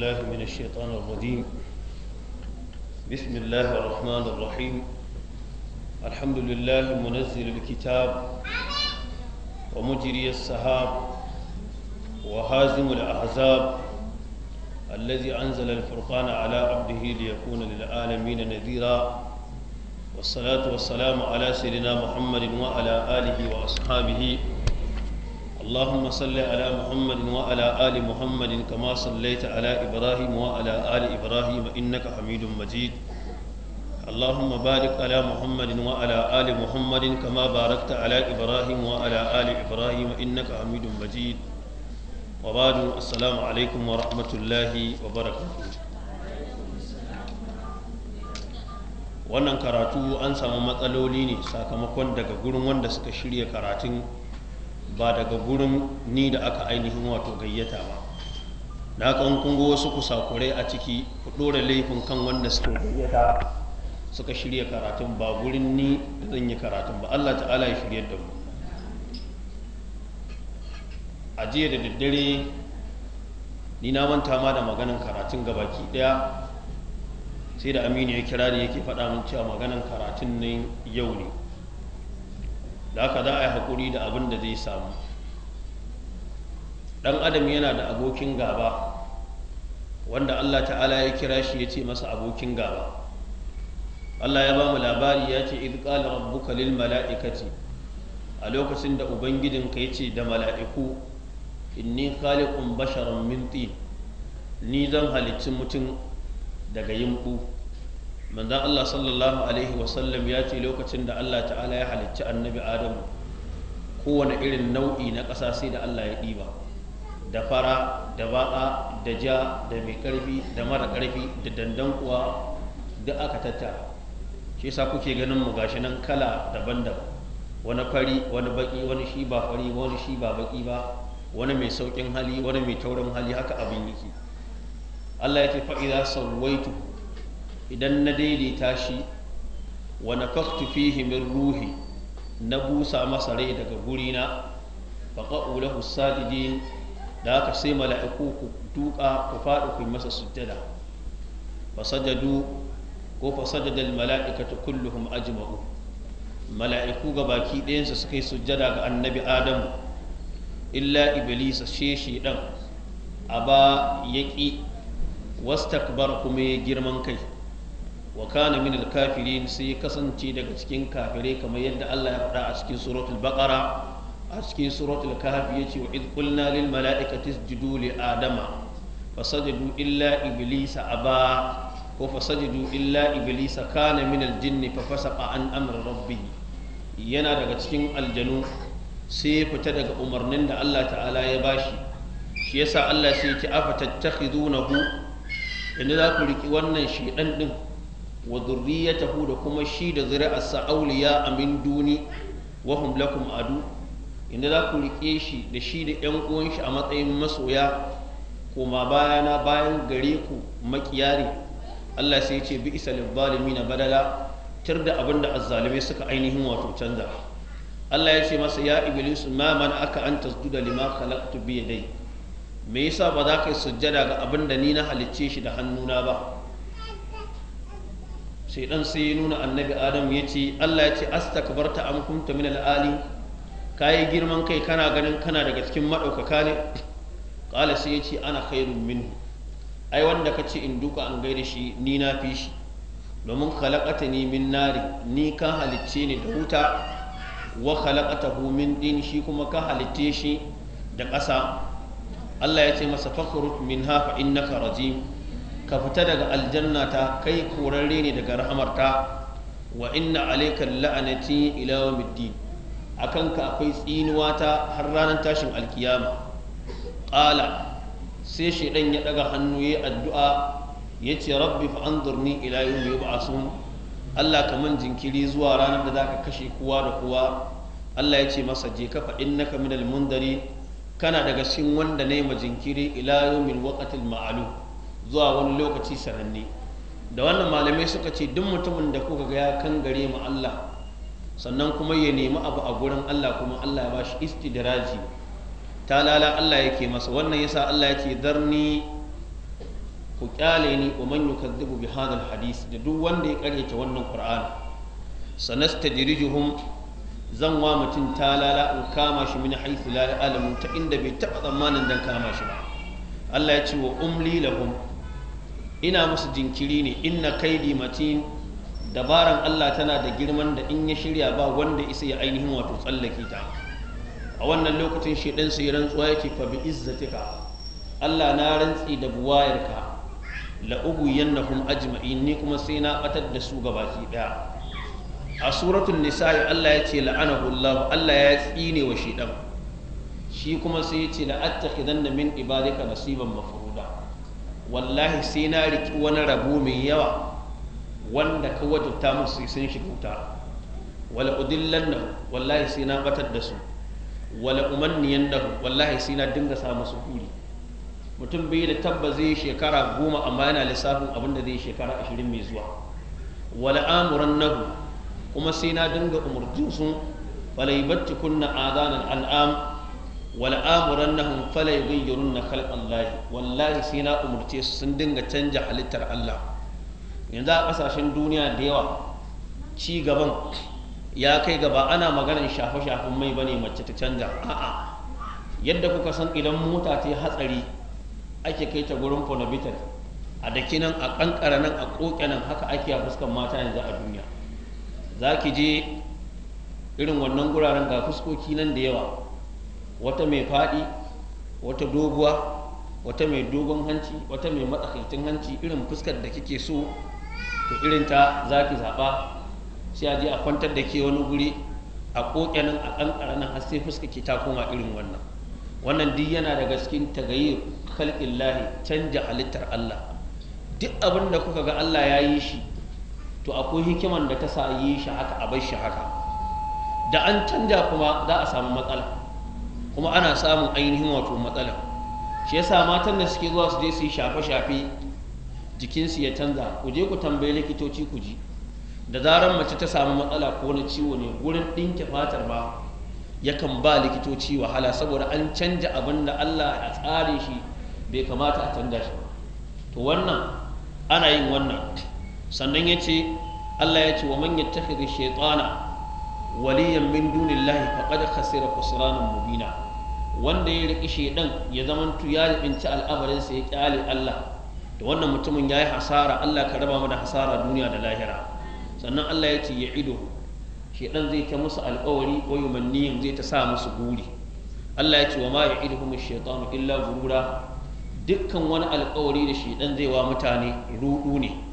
بالله من الشيطان الرجيم بسم الله الرحمن الرحيم الحمد لله منزل الكتاب ومجري السحاب وهازم الأحزاب الذي أنزل الفرقان على عبده ليكون للعالمين نذيرا والصلاة والسلام على سيدنا محمد وعلى آله وأصحابه اللهم صل على محمد وعلى آل محمد كما صليت على إبراهيم وعلى آل إبراهيم إنك حميد مجيد اللهم بارك على محمد وعلى آل محمد كما باركت على إبراهيم وعلى آل إبراهيم إنك حميد مجيد وبعد السلام عليكم ورحمة الله وبركاته wannan karatu an samu matsaloli ne sakamakon daga gurin wanda suka shirya karatun ba daga gurin ni da aka ainihin wato gayyata ba na kan kungo wasu kusakurai a ciki ku ɗora laifin kan wanda suke gayyata suka shirya karatun ba gurin ni da zan yi karatun ba Allah ta'ala ya shirya da mu a jiya da daddare ni na manta ma da maganin karatun gabaki ɗaya sai da aminu ya kira da yake faɗa min cewa maganan karatun nan yau ne da haka za a yi haƙuri da abin da zai samu ɗan adam yana da abokin gaba wanda allah ta'ala ya kira shi ya ce masa abokin gaba allah ya ba mu labari ya ce idh qala rabbuka lil mala'ikati a lokacin da ubangijinka ya ce da mala'iku inni khaliqun basharan min tin ni zan halicci mutum daga yimbu manzan Allah sallallahu alaihi wasallam ya ce lokacin da Allah ta'ala ya halicci annabi adamu kowane irin nau'i na ƙasa sai da Allah ya ɗiba da fara da baƙa da ja da mai ƙarfi da mara ƙarfi da dandankuwa da aka tattara shi sa kuke ganin mu gashi nan kala daban-daban wani fari wani baki wani shi ba fari wani shi ba baƙi ba wani mai saukin hali wani mai taurin hali haka abin yake Allah ya ce fa idza sawaitu idan na daidaita shi wa nafaktu fihi min ruhi na busa masa rai daga gurina fa qa'u lahu da aka sai mala'iku ku duka ku faɗi ku masa sujjada fa sajadu ko fa mala'ikatu kulluhum ajma'u mala'iku ga baki ɗayansa suka yi sujjada ga annabi adamu illa iblisa she ba aba wasu wastakbara kuma ya girman kai wa kana min al-kafirin sai kasance daga cikin kafirai kamar yadda Allah ya faɗa a cikin suratul baqara a cikin suratul kahfi yace wa id qulna lil mala'ikati isjudu li adama fasajadu illa iblisa aba ko fasajadu illa iblisa kana min al-jinni fa fasaqa an amri rabbih yana daga cikin aljanu sai fita daga umarnin da Allah ta'ala ya bashi shi yasa Allah sai ya ce afatattakhidunahu yanzu za ku riki wannan shedan din wa zurriyatahu da kuma shi da zuri'arsa auliya amin duni wa hum lakum adu inda za ku riƙe shi da shi da yan uwan shi a matsayin masoya koma bayana bayan gare ku makiyari Allah sai ya ce bi isa na badala tir da abin da suka ainihin wato canza Allah ya ce masa ya iblis ma man aka an tasjuda lima khalaqtu bi yadai me yasa ba za ka yi sujjada ga abin da ni na halicce shi da hannuna ba shaidan sai ya nuna annabi adam ya ce Allah ya ce astakbarta am kunta min al-ali kai girman kai kana ganin kana daga cikin madaukaka ne qala sai ya ce ana khairun minhu ai wanda kace in duka an gaida shi ni na fi shi domin khalaqata ni min nari ni ka halicce ni da wuta wa hu min din shi kuma ka halicce shi da ƙasa Allah ya ce masa fakhrut minha fa innaka rajim ka fita daga aljanna ta kai korarre ne daga rahamarta wa inna alayka la'anati ila yawmiddin akan ka akwai tsinuwa ta har ranar tashin alkiyama qala sai shedan ya daga hannu yayi addu'a yace rabbi fa anzurni ila yawmi yub'asun Allah kaman jinkiri zuwa ranar da zaka kashe kowa da kowa Allah ya ce masa je ka fa innaka minal mundari kana daga cikin wanda ne ma jinkiri ila yawmil waqtil ma'lum zuwa wani lokaci sananne da wannan malamai suka ce duk mutumin da kuka ga ya gare mu Allah sannan kuma ya nemi abu a gurin Allah kuma Allah ya bashi istidraji ta lala Allah yake masa wannan yasa Allah yake darni ku kyale ni wa man yukazzibu bi hadisi da duk wanda ya karyata wannan qur'ani sanastajrijuhum zan wa mutum talala in kama shi min haisu la alamu ta inda bai taɓa tsammanin dan kama shi ba Allah ya ce wa umli lahum ina musu jinkiri ne inna kaidi matin dabaran Allah tana da girman da in ya shirya ba wanda isa ya ainihin wato tsallake ta a wannan lokacin shi dan sai rantsuwa yake fa bi izzatika Allah na rantsi da buwayarka la ubuyannahum ajma'in ni kuma sai na batar da su gabaki daya a suratul nisa'i Allah ya ce la'anahu Allah Allah ya tsine wa shi dan shi kuma sai ya ce la attakhidanna min ibadika nasiban mafu wallahi sai na riki wani rabo mai yawa wanda ka wajabta musu sun shiga wuta wala udillan nahu wallahi sai na batar da su wala umanniyan nahu wallahi sai na dinga sa musu kuri mutum bai da tabba zai shekara goma amma yana lissafin abin da zai shekara ashirin mai zuwa wala amuran nahu kuma sai na dinga umurjin su kunna azanan al'am wal amurannahum fala yughayyirunna khalqan Allah wallahi sai na umurce su sun dinga canja halittar Allah yanzu a ƙasashen duniya da yawa ci gaban ya kai gaba ana maganar shafe-shafen mai bane mace ta canja a'a yadda kuka san idan mota ta hatsari ake kai ta gurin fonabitar a dakinan a ƙanƙara nan a ƙoƙe nan haka ake a fuskan mata yanzu a duniya za ki je irin wannan guraren ga fuskoki nan da yawa wata mai faɗi wata doguwa wata mai dogon hanci wata mai matsakaicin hanci irin fuskar da kike so to irin ta za ki zaɓa sai a je a kwantar da ke wani guri a koke nan a ƙanƙara nan har sai fuska ke ta koma irin wannan wannan duk yana daga cikin tagayyar khalqin lahi canja halittar Allah duk abin da kuka ga Allah ya yi shi to akwai hikiman da ta sa yi shi haka a bar shi haka da an canja kuma za a samu matsala kuma ana samun ainihin wato matsala shi yasa matan da suke zuwa su je su yi shafe-shafe jikinsu ya canza ku je ku tambayi likitoci ku ji da zarar mace ta samu matsala ko na ciwo ne wurin ɗinke fatar ba yakan ba likitoci wahala saboda an canja abin da Allah a tsare shi bai kamata a canja shi to wannan ana yin wannan sannan ya ce Allah ya ce wa man yattakhidhu shaytana Waliyyan min dunillahi faqad khasira khusranan mubina wanda ya riki shedan ya zamantu ya ribinci al'amarin sa ya ƙyale Allah da wannan mutumin yayi hasara Allah ka raba mana da hasara duniya da lahira sannan Allah ya ce ya ido shedan zai ta musu alƙawari wa yumanniyin zai ta sa musu guri Allah ya ce wa ma ido ash-shaytanu illa ghurura dukkan wani alƙawari da shedan zai wa mutane ruɗu ne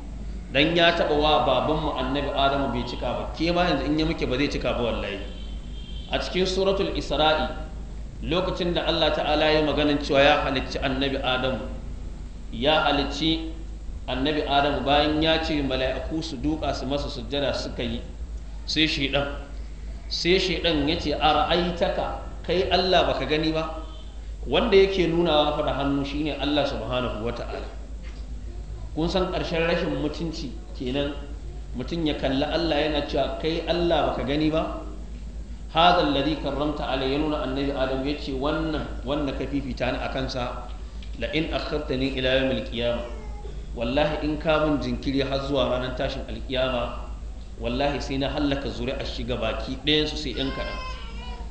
dan ya taba wa babanmu annabi adamu bai cika ba ke ma yanzu in ya muke ba zai cika ba wallahi a cikin suratul isra'i lokacin da Allah ta'ala ya maganin cewa ya halicci annabi adamu ya halicci annabi adamu bayan ya ce mala'iku su duka su masa sujjada suka yi sai shedan sai shedan yace ara'aitaka kai Allah baka gani ba wanda yake nunawa fa da hannu shine Allah subhanahu wata'ala kun san ƙarshen rashin mutunci kenan mutum ya kalli Allah yana cewa kai Allah baka gani ba hadha alladhi karramta ya nuna annabi adam yace wannan wannan ka fifita ni akan sa la in akhartani ila yawmil qiyamah wallahi in ka mun jinkiri har zuwa ranar tashin alkiyama wallahi sai na hallaka zuri'ar shiga baki ɗayan su sai ɗan kaɗan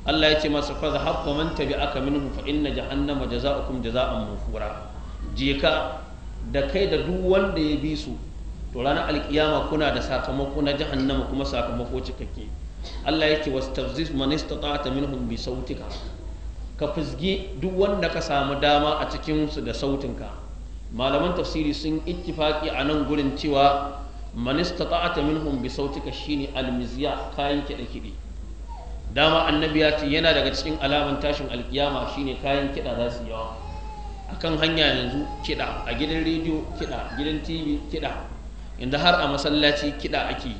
Allah ya ce masa fa zahab wa man tabi'aka minhum fa inna jahannama jaza'ukum jaza'an mufura je Jeka. da kai da duk wanda ya bi su to ranar alkiyama kuna da sakamako na jahannama kuma sakamako cikakke Allah yake wastafziz man istata'ta minhum bi sautika ka fizgi duk wanda ka samu dama a cikin su da ka malaman tafsiri sun ittifaki a nan gurin cewa man istata'ta minhum bi sautika shine almizya kayan kiɗe kiɗe dama annabi ya ce yana daga cikin alaman tashin alkiyama shine kayan kiɗa za su yawa a kan hanya yanzu kiɗa a gidan rediyo kiɗa gidan tv kiɗa inda har a masallaci kiɗa ake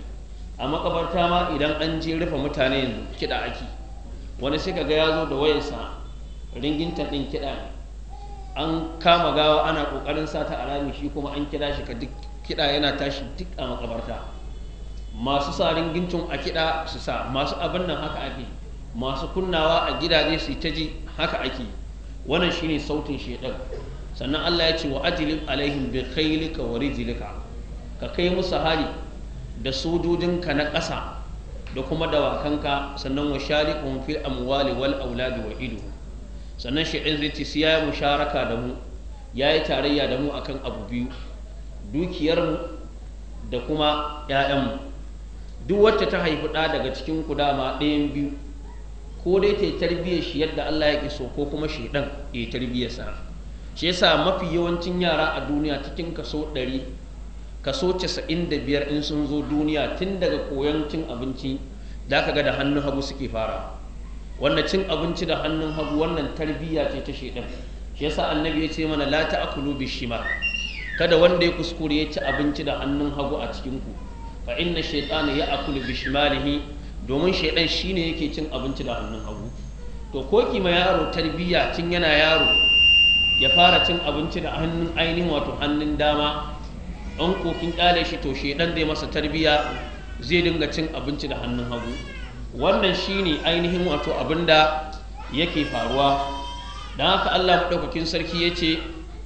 a makabarta ma idan an je rufe mutane yanzu kiɗa ake wani sai ga ya zo da wayarsa ringinta ɗin kiɗa ne an kama gawa ana ƙoƙarin sa ta alami shi kuma an kira shi ka duk kiɗa yana tashi duk a makabarta masu sa ringincin a kiɗa su sa masu abin nan haka ake masu kunnawa a gidaje su ta ji haka ake yi wannan shine sautin shedan sannan Allah ya ce wa ajlib alaihim bi khaylika wa rijlika ka kai musu hari da sojojinka na ƙasa da kuma dawakanka sannan wa shariqum fil amwali wal auladi wa idu sannan shedan zai ce siya musharaka da mu yayi tarayya da mu akan abu biyu dukiyarmu da kuma ‘ya'yanmu duk wacce ta haifi ɗa daga cikin ku dama ɗayan biyu ko dai ta yi tarbiyyar shi yadda Allah ya so ko kuma shi ɗan, ya yi tarbiyyar sa shi yasa mafi yawancin yara a duniya cikin kaso 100 kaso biyar in sun zo duniya tun daga koyon cin abinci da ka ga da hannun hagu suke fara wannan cin abinci da hannun hagu wannan tarbiyya ce ta shi ɗan. shi yasa annabi ya ce mana la ta'kulu bishima kada wanda ya kuskure ya ci abinci da hannun hagu a cikin ku fa inna shaytana ya'kulu bishimalihi domin shaidan shine yake cin abinci da hannun hagu to ko kima yaro tarbiyya tun yana yaro ya fara cin abinci da hannun ainihin wato hannun dama an kokin kyale shi to shaidan zai masa tarbiyya zai dinga cin abinci da hannun hagu wannan shine ainihin wato abin da yake faruwa don haka allah maɗaukakin sarki ya ce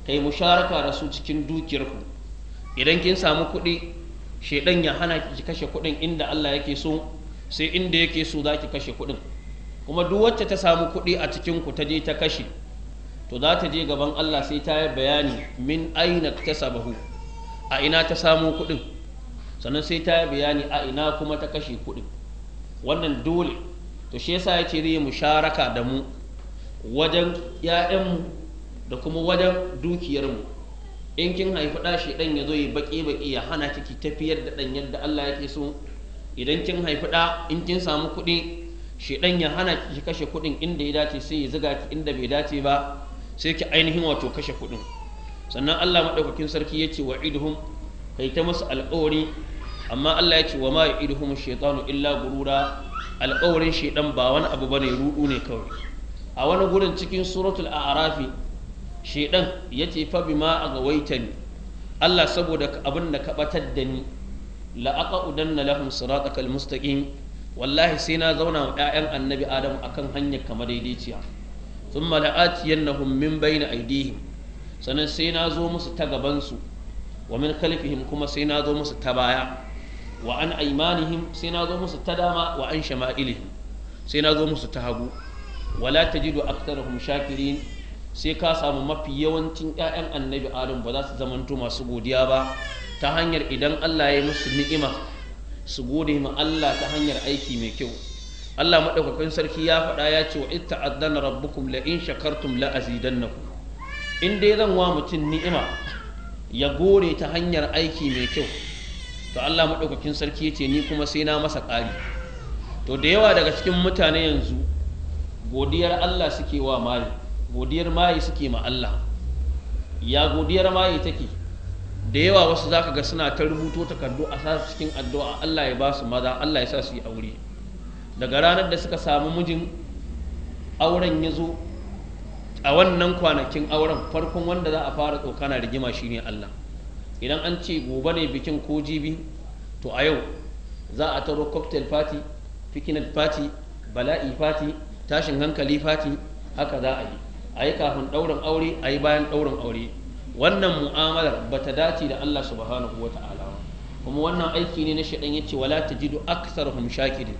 kai musharaka da su cikin dukiyarku idan kin samu kuɗi shaidan ya hana ki kashe kuɗin inda allah yake so sai inda yake so za ki kashe kuɗin kuma duk wacce ta samu kuɗi a cikin ku ta je ta kashe to za ta je gaban Allah sai ta yi bayani min aina ta sabahu a ina ta samu kuɗin sannan sai ta yi bayani a ina kuma ta kashe kuɗin wannan dole to shi yasa ya ce zai sharaka da mu wajen ƴaƴanmu da kuma wajen dukiyarmu in kin haifi ɗashi ɗan ya zo ya baƙi baki ya hana ciki tafiyar da ɗan yadda Allah yake so idan kin haifi ɗa in kin samu kuɗi ɗan ya hana ki kashe kuɗin inda ya dace sai ya ziga ki inda bai dace ba sai ki ainihin wato kashe kuɗin sannan Allah maɗaukakin sarki ya ce wa'iduhum kai ta musu alƙawari amma Allah ya ce wa ma ya'iduhum shaytanu illa gurura alƙawarin ɗan ba wani abu bane ruɗu ne kawai a wani gurin cikin suratul a'rafi shedan ya ce fa bima agawaitani Allah saboda abin da ka batar da ni la'aqudanna lahum siratakal mustaqim wallahi sai na zauna wa ƴaƴan annabi adam akan hanyar kamar daidaiciya thumma la'atiyannahum min bayna aydihim sannan sai na zo musu ta gaban su wa min khalfihim kuma sai na zo musu ta baya wa an aymanihim sai na zo musu ta dama wa an shama'ilihim sai na zo musu ta hagu wala tajidu aktharahum shakirin sai ka samu mafi yawancin ƴaƴan annabi adam ba za su zamanto masu godiya ba ta hanyar idan Allah ya yi musu ni'ima su gode ma Allah ta hanyar aiki mai kyau Allah maɗaukakin sarki ya faɗa ya ce wa ita addana rabbukum la in shakartum la azidannakum in dai zan wa mutum ni'ima ya gore ta hanyar aiki mai kyau to Allah maɗaukakin sarki ya ce ni kuma sai na masa ƙari to da yawa daga cikin mutane yanzu godiyar Allah suke wa mali godiyar mayi suke ma Allah ya godiyar mayi take da yawa wasu za ka ga suna ta rubuto takardu a sa cikin addu'a Allah ya ba su maza Allah ya sa su yi aure daga ranar da suka samu mijin auren ya zo a wannan kwanakin auren farkon wanda za a fara tsokana rigima ne Allah idan an ce gobe ne bikin ko jibi to a yau za a taro cocktail party picnic party bala'i party tashin hankali party haka za a yi a yi kafin ɗaurin aure a yi bayan ɗaurin aure wannan mu'amalar ba ta dace da Allah subhanahu wa ta'ala kuma wannan aiki ne na shaɗan ya ce wala ta jidu aksarhum shakirin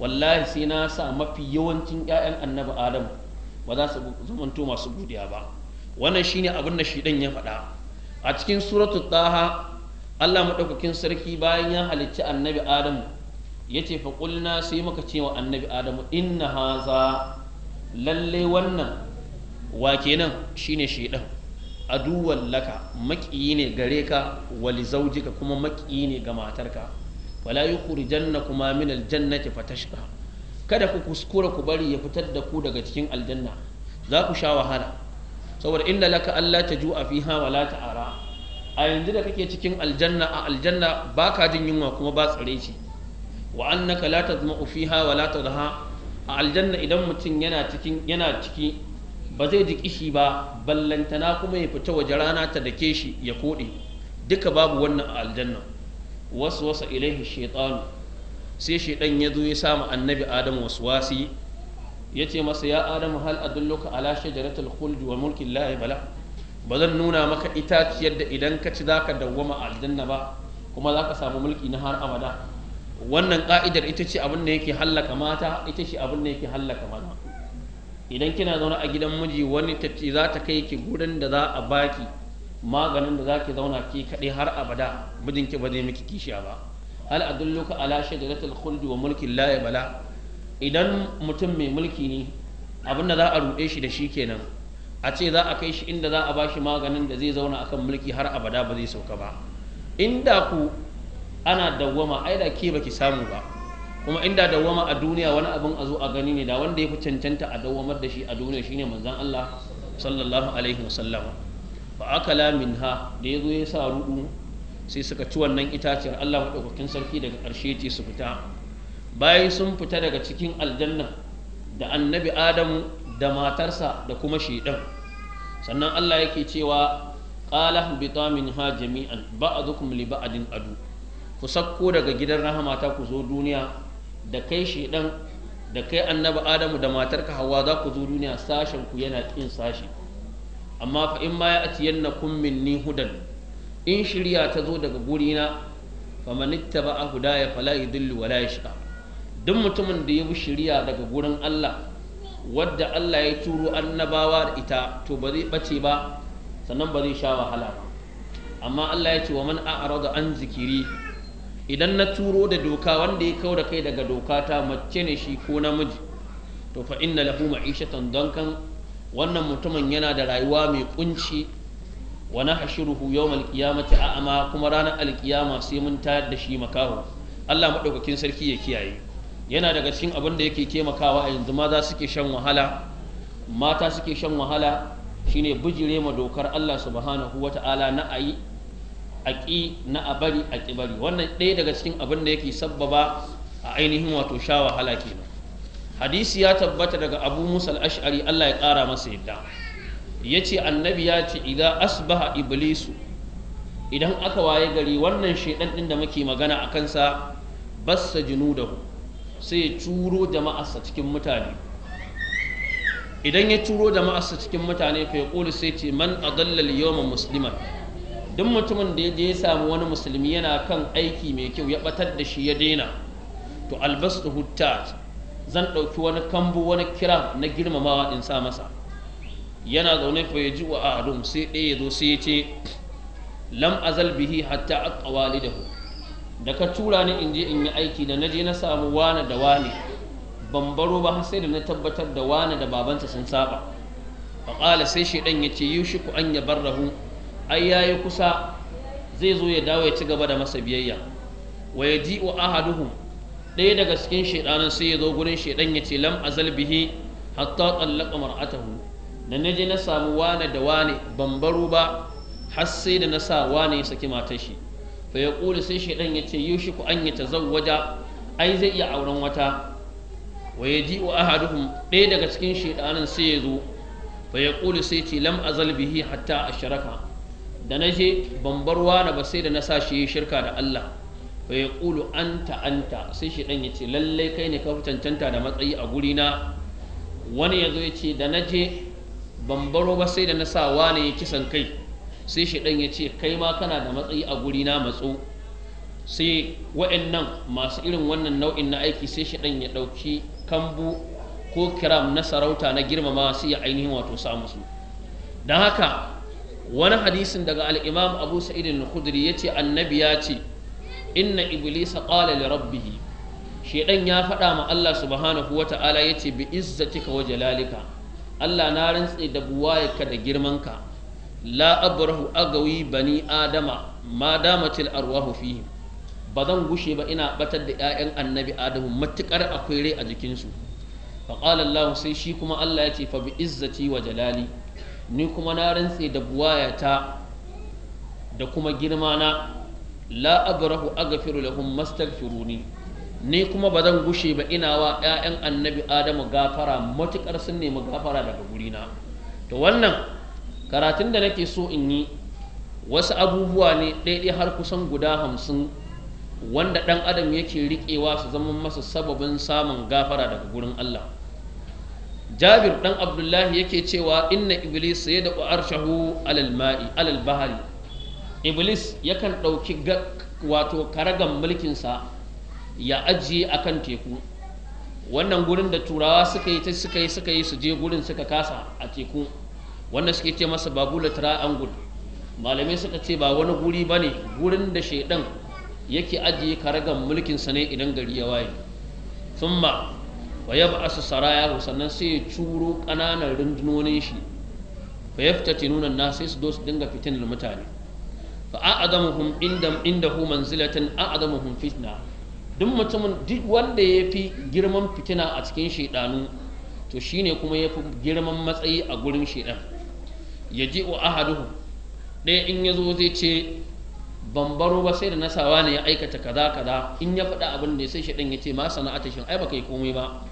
wallahi sai na sa mafi yawancin 'ya'yan annabi adam ba za su zamanto masu godiya ba wannan shine abin da shaɗan ya faɗa a cikin suratul taha Allah madaukakin sarki bayan ya halicci annabi adam ya ce fa qulna sai muka ce wa annabi adam inna haza lalle wannan wa kenan shine shidan aduwan laka maƙiyi ne gare ka wali zaujika kuma maƙiyi ne ga matarka wala janna kuma min aljannati fatashqa kada ku kuskura ku bari ya fitar da ku daga cikin aljanna za ku sha wahala saboda inda laka allah alla fi fiha wala ara a yanzu da kake cikin aljanna a aljanna baka jin yunwa kuma ba tsare ce wa annaka la tazma'u fiha wala tadha a aljanna idan mutum yana cikin yana ciki ba zai ji kishi ba ballantana kuma ya fita waje rana ta dake shi ya koɗe duka babu wannan aljanna wasu wasa ilaihi shaitanu sai shaitan ya zo ya samu annabi adam wasu wasi ya ce masa ya adam hal adulluka ala shajaratul khuldi wa mulkin la bala ba zan nuna maka itaciyar da idan ka ci zaka dawwama aljanna ba kuma zaka samu mulki na har abada wannan ka'idar ita ce abin da yake hallaka mata ita ce abin da yake hallaka mana idan kina zaune a gidan miji wani tafi za ta kai ki gurin da za a baki maganin da za ki zauna ki kaɗai har abada mijinki ba zai miki kishiya ba hal adulluka ala shajaratul khuldi wa mulkin la bala idan mutum mai mulki ne abin da za a ruɗe shi da shi kenan a ce za a kai shi inda za a ba shi maganin da zai zauna akan mulki har abada ba zai sauka ba inda ku ana dawwama ai da ke baki samu ba kuma inda dawwama a duniya wani abin a zo a gani ne da wanda ya fi cancanta a dawwamar da shi a duniya shine manzon Allah sallallahu alaihi wasallam fa akala minha da yazo ya sa rudu sai suka ci wannan itaciyar Allah madaukakin sarki daga ƙarshe ce su fita bayan sun fita daga cikin aljanna da annabi Adamu da matarsa da kuma shedan sannan Allah yake cewa qala bita minha jami'an ba'dukum li ba'din adu ku sakko daga gidan rahama ta ku zo duniya da kai shedan da kai annabi adamu da matarka hawa za ku zo duniya sashen ku yana kin sashi amma fa in ma ya atiyannakum minni hudan in shirya ta zo daga gurina faman ittaba hudaya fala yudillu wala yashqa duk mutumin da ya bi shirya daga gurin Allah wadda Allah ya turo annabawa da ita to ba zai bace ba sannan ba zai sha wahala ba amma Allah ya ce wa man a'rada an zikiri idan na turo da doka wanda ya kau da kai daga doka ta mace ne shi ko namiji to fa inna lahu ma'ishatan dankan wannan mutumin yana da rayuwa mai kunci wa nahshuruhu yawm al-qiyamati amma kuma ranar alqiyama sai mun tayar da shi makaho Allah madaukakin sarki ya kiyaye yana daga cikin abin da yake taimakawa a yanzu maza suke shan wahala mata suke shan wahala shine bijire ma dokar Allah subhanahu wata'ala na ayi a na a bari a ƙi bari wannan ɗaya daga cikin abin da yake sabbaba a ainihin wato sha wahala ke nan hadisi ya tabbata daga abu musa ashari allah ya ƙara masa yadda ya ce annabi ya ce idan asbaha iblisu idan aka waye gari wannan shaidan ɗin da muke magana a kansa bassa junudahu sai ya turo jama'arsa cikin mutane idan ya turo jama'arsa cikin mutane fa ya sai ce man adalla al musliman duk mutumin da ya je ya samu wani musulmi yana kan aiki mai kyau ya batar da shi ya daina to albastu hutta zan ɗauki wani kambu wani kira na girmamawa in sa masa yana zaune fa ya ji wa ahadum sai ɗaya ya zo sai ya ce lam azal bihi hatta aqwa walidahu da ka tura ni in je in yi aiki da naje na samu wani da wani ban baro ba har sai da na tabbatar da wani da babansa sun saba fa qala sai shedan yace yushiku an yabarrahu ai yayi kusa zai zo ya dawo ya ci gaba da masa biyayya wa yaji'u ahaduhum ɗaya daga cikin shaidanan sai ya zo gurin shaidan ya ce lam azal bihi hatta tallaqa mar'atahu da na je na samu wane da wane ban baro ba har sai da na sa wane ya saki matar shi fa ya kula sai shaidan ya ce yushi ku an ya tazawwaja ai zai iya auren wata wa yaji'u ahaduhum ɗaya daga cikin shaidanan sai ya zo fa ya kula sai ce lam azal bihi hatta asharaka da na je ban bar wani ba sai da na sa shi shirka da Allah fa ya ƙulu an ta'anta sai shi ɗan ya ce lallai kai ne ka fi cancanta da matsayi a guri na wani ya zo ya ce da na je ban ba sai da na sa wani ya kisan kai sai shi ɗan ya ce kai ma kana da matsayi a guri na matso sai wa'annan masu irin wannan nau'in na aiki sai shi ɗan ya ɗauki kambu ko kiram na sarauta na girmama sai ya ainihin wato samu su don haka wani hadisin daga al'imam abu sa'idin khudri ya ce annabi ya ce inna iblisa qala li rabbihi shedan ya faɗa ma Allah subhanahu wa ta'ala ya ce bi izzatika wa jalalika Allah na rantse da buwayaka da girmanka la abrahu agawi bani adama ma damatil arwahu fihim ba zan gushe ba ina batar da 'ya'yan annabi adamu matukar akwai rai a jikinsu faƙalallahu sai shi kuma Allah ya ce fa bi izzati wa jalali ni kuma na rantse da buwayata da kuma girmana la abrahu aghfiru lahum mastaghfiruni ni kuma ba zan gushe ba ina wa 'ya'yan annabi adamu gafara matukar sun nemi gafara daga gurina to wannan karatun da nake so in yi wasu abubuwa ne ɗaiɗai har kusan guda hamsin wanda ɗan adam yake riƙewa su zama masa sababin samun gafara daga gurin allah jabir dan abdullahi yake cewa inna iblis ya da arshahu alal ma'i alal bahari iblis yakan ɗauki wato karagan sa ya ajiye akan teku wannan gurin da turawa suka yi ta suka yi suka yi su je gurin suka kasa a teku wannan suke ce masa babula tara angul malamai suka ce ba wani guri ba gurin da shaidan yake ajiye karagan sa ne idan gari ya waye summa wa yab'asu saraya sannan sai ya curo ƙananan rundunonin shi fa ya an na sai su dosu dinga fitinar mutane fa a'adamuhum inda indahu manzilatan hun fitna duk mutumin duk wanda ya fi girman fitina a cikin shaidanu to shine kuma ya fi girman matsayi a gurin shaidan ya ji wa ahaduhu ɗaya in ya zo zai ce ban baro ba sai da nasawa ne ya aikata kaza kaza in ya faɗa abin da sai shaidan ya ce ma ta shin ai baka yi komai ba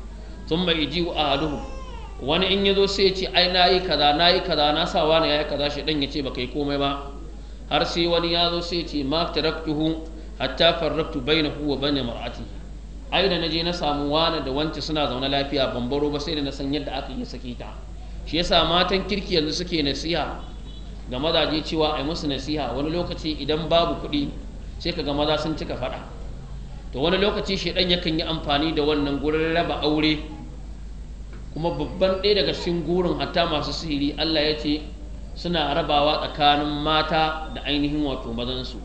sun thumma yaji'u ahaduhum wani in zo sai ya ce ai na yi kaza na yi kaza na sa wani ya yi kaza shi dan yace baka yi komai ba har sai wani ya zo sai ya ce ma taraktuhu hatta farraktu bainahu wa bain mar'ati ai da naje na samu wani da wance suna zaune lafiya ban baro ba sai da na san yadda aka yi saki ta shi yasa matan kirki yanzu suke nasiha ga mazaje cewa ai musu nasiha wani lokaci idan babu kuɗi sai ga maza sun cika faɗa to wani lokaci shi ɗan yakan yi amfani da wannan gurin raba aure kuma babban ɗaya daga cikin gurin hatta masu sihiri Allah ya ce suna rabawa tsakanin mata da ainihin wato mazansu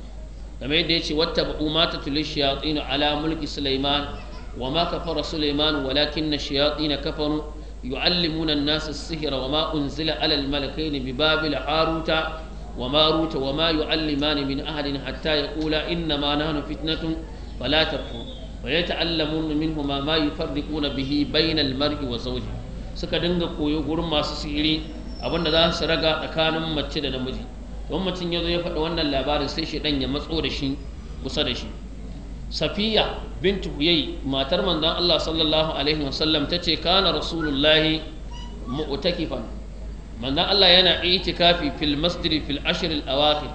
game da ya ce wata ba'u mata tulish shayatsinu ala mulki Sulaiman wa ma kafara suleiman walakin na kafanu kafaru yu'allimuna an-nasa wa ma unzila alal malakai malakaini bi babila haruta wa maruta wa ma yu'allimani min ahadin hatta yaqula inna ma nahnu fitnatun fala takfur ويتعلمون ma ما bihi به بين wa وزوجه suka dinga koyo gurin masu sihiri abinda za su raga tsakanin mace da namiji don mace ya zo ya faɗi wannan labarin sai shaidan ya matso da shi kusa da shi safiya bintu huyai matar manzon Allah sallallahu alaihi wasallam ta ce kana rasulullahi mu'takifan manzon Allah yana itikafi fil masjid fil ashr al awaqi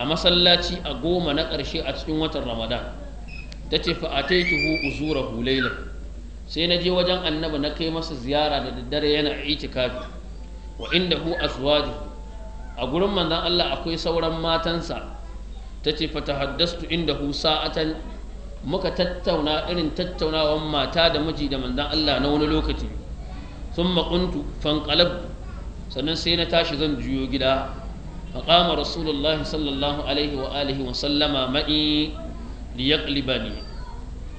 a masallaci a goma na ƙarshe a cikin watan Ramadan ta ce fa ataytuhu uzurahu laylan sai na je wajen annabi na kai masa ziyara da daddare yana itikafi wa inda hu azwaju a gurin manzon Allah akwai sauran matansa tace fa tahaddastu inda hu sa'atan muka tattauna irin tattaunawar mata da miji da manzon Allah na wani lokaci sun maƙuntu fanqalab sannan sai na tashi zan juyo gida faqama rasulullahi sallallahu alaihi wa alihi wa sallama ma'i liyaqlibani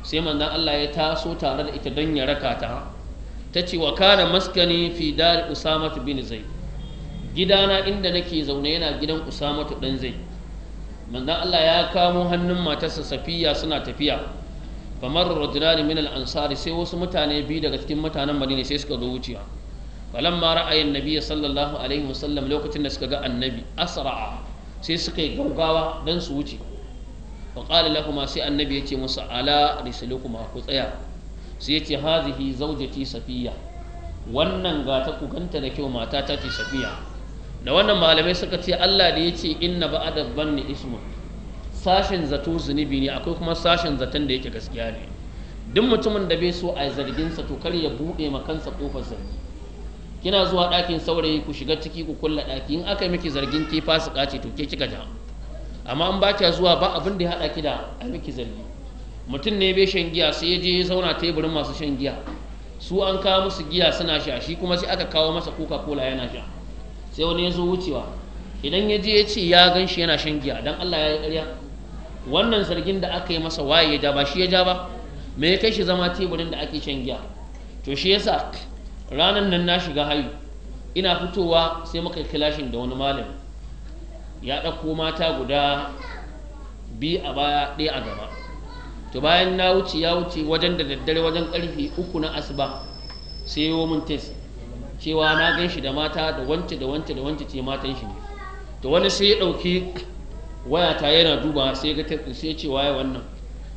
sai manzon Allah ya taso tare da ita don ya raka ta ta ce wa kana maskani fi dar usamatu bin zai gidana inda nake zaune yana gidan usamatu dan zai manzon Allah ya kamo hannun matarsa safiya suna tafiya famar rajulani min al-ansari sai wasu mutane biyu daga cikin mutanen Madina sai suka zo wuciya falamma ra'ayin nabiyyi sallallahu alaihi wasallam lokacin da suka ga annabi asra'a sai suka yi gaugawa dan su wuce faƙali qala sai annabi ya ce musu ala risalukuma ku tsaya sai yace hazihi zaujati safiya wannan ga ta kuganta da kyau mata ta ce safiya da wannan malamai suka ce Allah da ya ce inna da banni ismun Sashen zato zunubi ne akwai kuma sashen zaton da yake gaskiya ne duk mutumin da bai so a zargin sa to kar ya bude ma kansa kofar zargi kina zuwa ɗakin saurayi ku shiga ciki ku kulla ɗaki in aka miki zargin ke fasika ce to ke kika ja amma an ba zuwa ba abin da ya haɗa ki da a miki zargi mutum ne bai shan giya sai ya je ya zauna teburin masu shan giya su an kawo musu giya suna sha shi kuma sai aka kawo masa coca cola yana sha sai wani ya zo wucewa idan ya je ya ce ya gan shi yana shan giya dan Allah ya yi ƙarya wannan zargin da aka yi masa waye ya ja ba shi ya ja ba me ya kai shi zama teburin da ake shan giya to shi yasa ranan nan na shiga hayu ina fitowa sai muka kilashin da wani malami ya ɗauko mata guda biyu a baya ɗaya a gaba to bayan na wuce ya wuce wajen da daddare wajen ƙarfe uku na asuba sai yi mun test cewa na gan shi da mata da wance da wance da wance ce matan shi ne to wani sai ya ɗauki wayata yana duba sai ga test sai ya ce waye wannan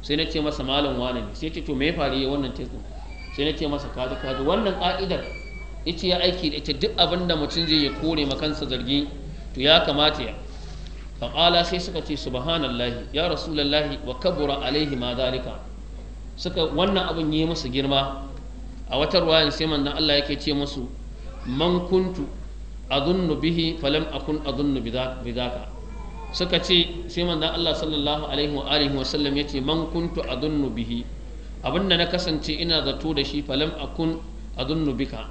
sai na ce masa malam wane ne sai ya ce to me ya faru ya wannan test sai na ce masa kaji kaji wannan ka'idar ita ya aiki da ita duk abin da mutum zai ya kore kansa zargi to ya kamata ya faƙala sai suka ce subhanallahi ya rasulallahi wa kabura alaihi ma zalika suka wannan abin yi musu girma a wata ruwayan sai manzon Allah yake ce musu man kuntu adunnu bihi falam akun adunnu bidaka suka ce sai manzon Allah sallallahu alaihi wa alihi wa sallam yace man kuntu adunnu bihi abinda na kasance ina zato da shi falam akun adunnu bika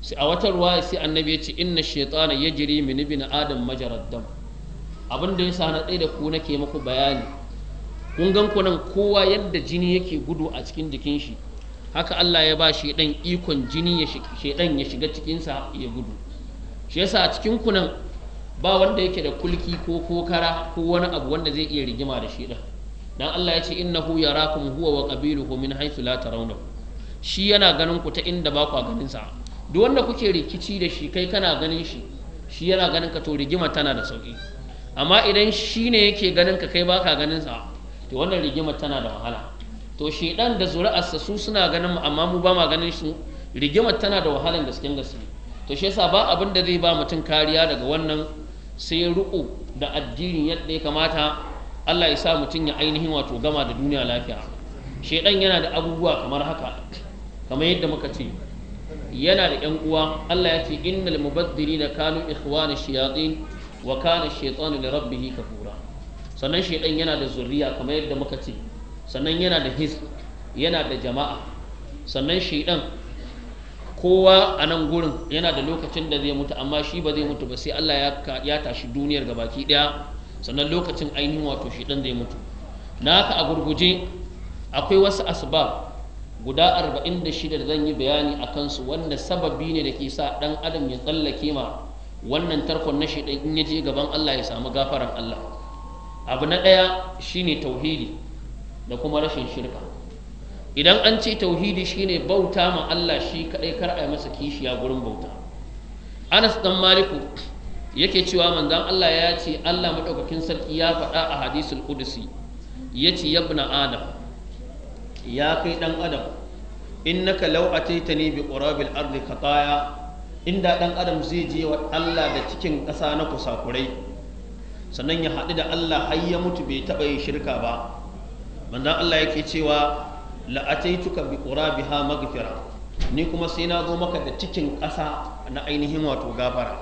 sai a wata ruwaya sai annabi yace inna shaytana yajri min ibn adam majarad dam abin da ya sa na ɗaya da ku nake muku bayani kun gan ku nan kowa yadda jini yake gudu a cikin jikin shi haka Allah ya ba shi dan ikon jini ya shedan ya shiga cikinsa ya gudu shi yasa a cikin ku nan ba wanda yake da kulki ko kokara ko wani abu wanda zai iya rigima da shedan dan Allah ya ce innahu yarakum huwa wa qabiluhu min haythu la tarawna shi yana ganin ku ta inda ba ku ganin sa duk wanda kuke rikici da shi kai kana ganin shi shi yana ganin ka to rigima tana da sauki amma idan shi ne yake ganin ka kai baka ganin sa to wannan rigimar tana da wahala to shedan da zuri'arsa su suna ganin mu amma mu ba ma ganin su rigimar tana da wahalan gasken gaske to shi yasa ba abin da zai ba mutum kariya daga wannan sai ruku da addini yadda ya kamata Allah ya sa mutum ya ainihin wato gama da duniya lafiya shedan yana da abubuwa kamar haka kamar yadda muka ce yana da yan uwa Allah ya ce innal mubaddiri da kanu ikhwana shiyatin wa kana shaytanu li rabbih kafura sannan shaitan yana da zuriya kamar yadda muka ce sannan yana da his yana da jama'a sannan shaitan kowa a nan gurin yana da lokacin da zai mutu amma shi ba zai mutu ba sai Allah ya tashi duniyar gabaki daya sannan lokacin ainihin wato shaitan zai mutu na haka a gurguje akwai wasu asbab guda 46 da zan yi bayani a kansu wanda sababi ne da ke sa dan adam ya tsallake ma wannan tarkon na shaidan in ya je gaban Allah ya samu gafaran Allah abu na ɗaya shine tauhidi da kuma rashin shirka idan an ce tauhidi shine bauta ma Allah shi kaɗai kar a yi masa kishiya gurin bauta Anas dan Maliku yake cewa manzon Allah ya ce Allah madaukakin sarki ya faɗa a hadisul qudsi yace yabna adam ya kai dan adam innaka law ataitani bi qurabil ardi khataya inda ɗan adam zai je wa Allah da cikin ƙasa na kusakurai sannan ya haɗu da Allah har ya mutu bai taɓa yin shirka ba manzon Allah yake cewa la'ataituka bi biha magafira, ni kuma sai na zo maka da cikin ƙasa na ainihin wato gafara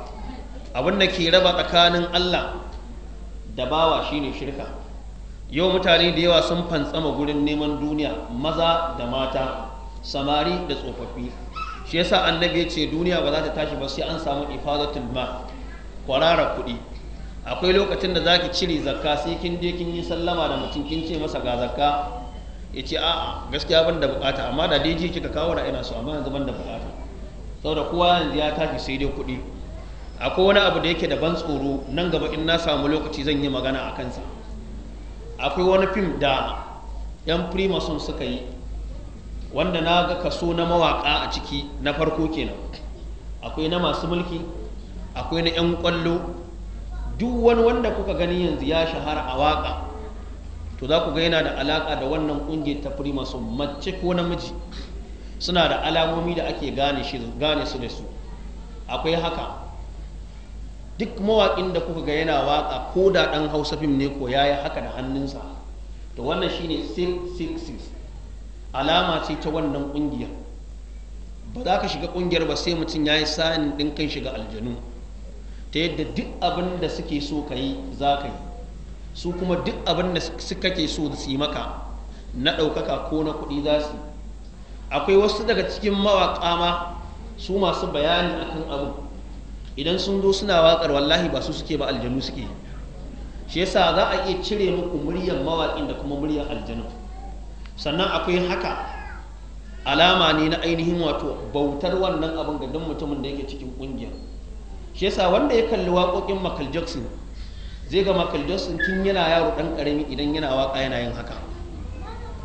abin da ke raba tsakanin Allah da bawa shine shirka yau mutane da yawa sun fantsama gurin neman duniya maza da mata samari da tsofaffi shi yasa annabi ya ce duniya ba za ta tashi ba sai an samu ifadatul ma kwarara kuɗi akwai lokacin da zaki cire zakka sai kin je kin yi sallama da mutum kin ce masa ga zakka ya ce a'a gaskiya ban da bukata amma da dai je kika kawo da ina so amma yanzu ban da bukata saboda kowa yanzu ya tashi sai dai kuɗi akwai wani abu da yake da ban tsoro nan gaba in na samu lokaci zan yi magana a kansa akwai wani fim da yan primason suka yi wanda na ga kaso na mawaƙa a ciki na farko kenan akwai na masu mulki akwai na 'yan kwallo duk wani wanda kuka gani yanzu ya shahara a waƙa to za ku ga yana da alaka da wannan ƙungiyar ta masu mace ko namiji suna da alamomi da ake gane su da su akwai haka duk mawaƙin da kuka ga yana waƙa ko da ɗan hausa fim ne ko ya yi haka da hannunsa to wannan shine 666 alama ce ta wannan kungiyar ba za ka shiga kungiyar ba sai mutum ya yi sanin din kan shiga aljanu ta yadda duk abin da suke so ka yi za ka yi su kuma duk abin da suka ke so su yi maka na ɗaukaka ko na kuɗi za su akwai wasu daga cikin mawaƙa ma su masu bayani akan abu idan sun zo suna waƙar wallahi ba su suke ba aljanu suke shi yasa za a iya cire muku muryar mawaƙin da kuma muryar aljanu sannan akwai haka alama ne na ainihin wato bautar wannan abin ga don mutumin da yake cikin kungiyar shi yasa wanda ya kalli waƙoƙin Michael Jackson zai ga Michael Jackson tun yana yaro ɗan ƙarami idan yana waka yana yin haka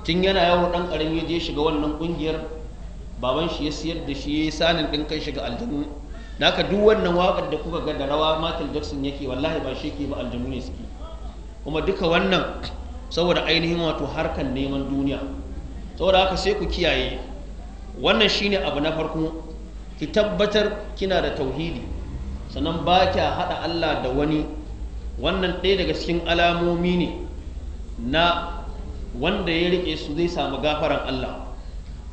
tun yana yaro ɗan ƙarami ya je shiga wannan kungiyar baban shi ya siyar da shi ya sanin ɗin kai shiga aljanu naka duk wannan waƙar da kuka ga da rawa Michael Jackson yake wallahi ba shi ke ba aljanu ne suke kuma duka wannan saboda ainihin wato harkar neman duniya saboda haka sai ku kiyaye wannan shine abu na farko ki tabbatar kina da tauhidi sannan ba kya haɗa Allah da wani wannan ɗaya daga cikin alamomi ne na wanda ya riƙe su zai samu gafaran Allah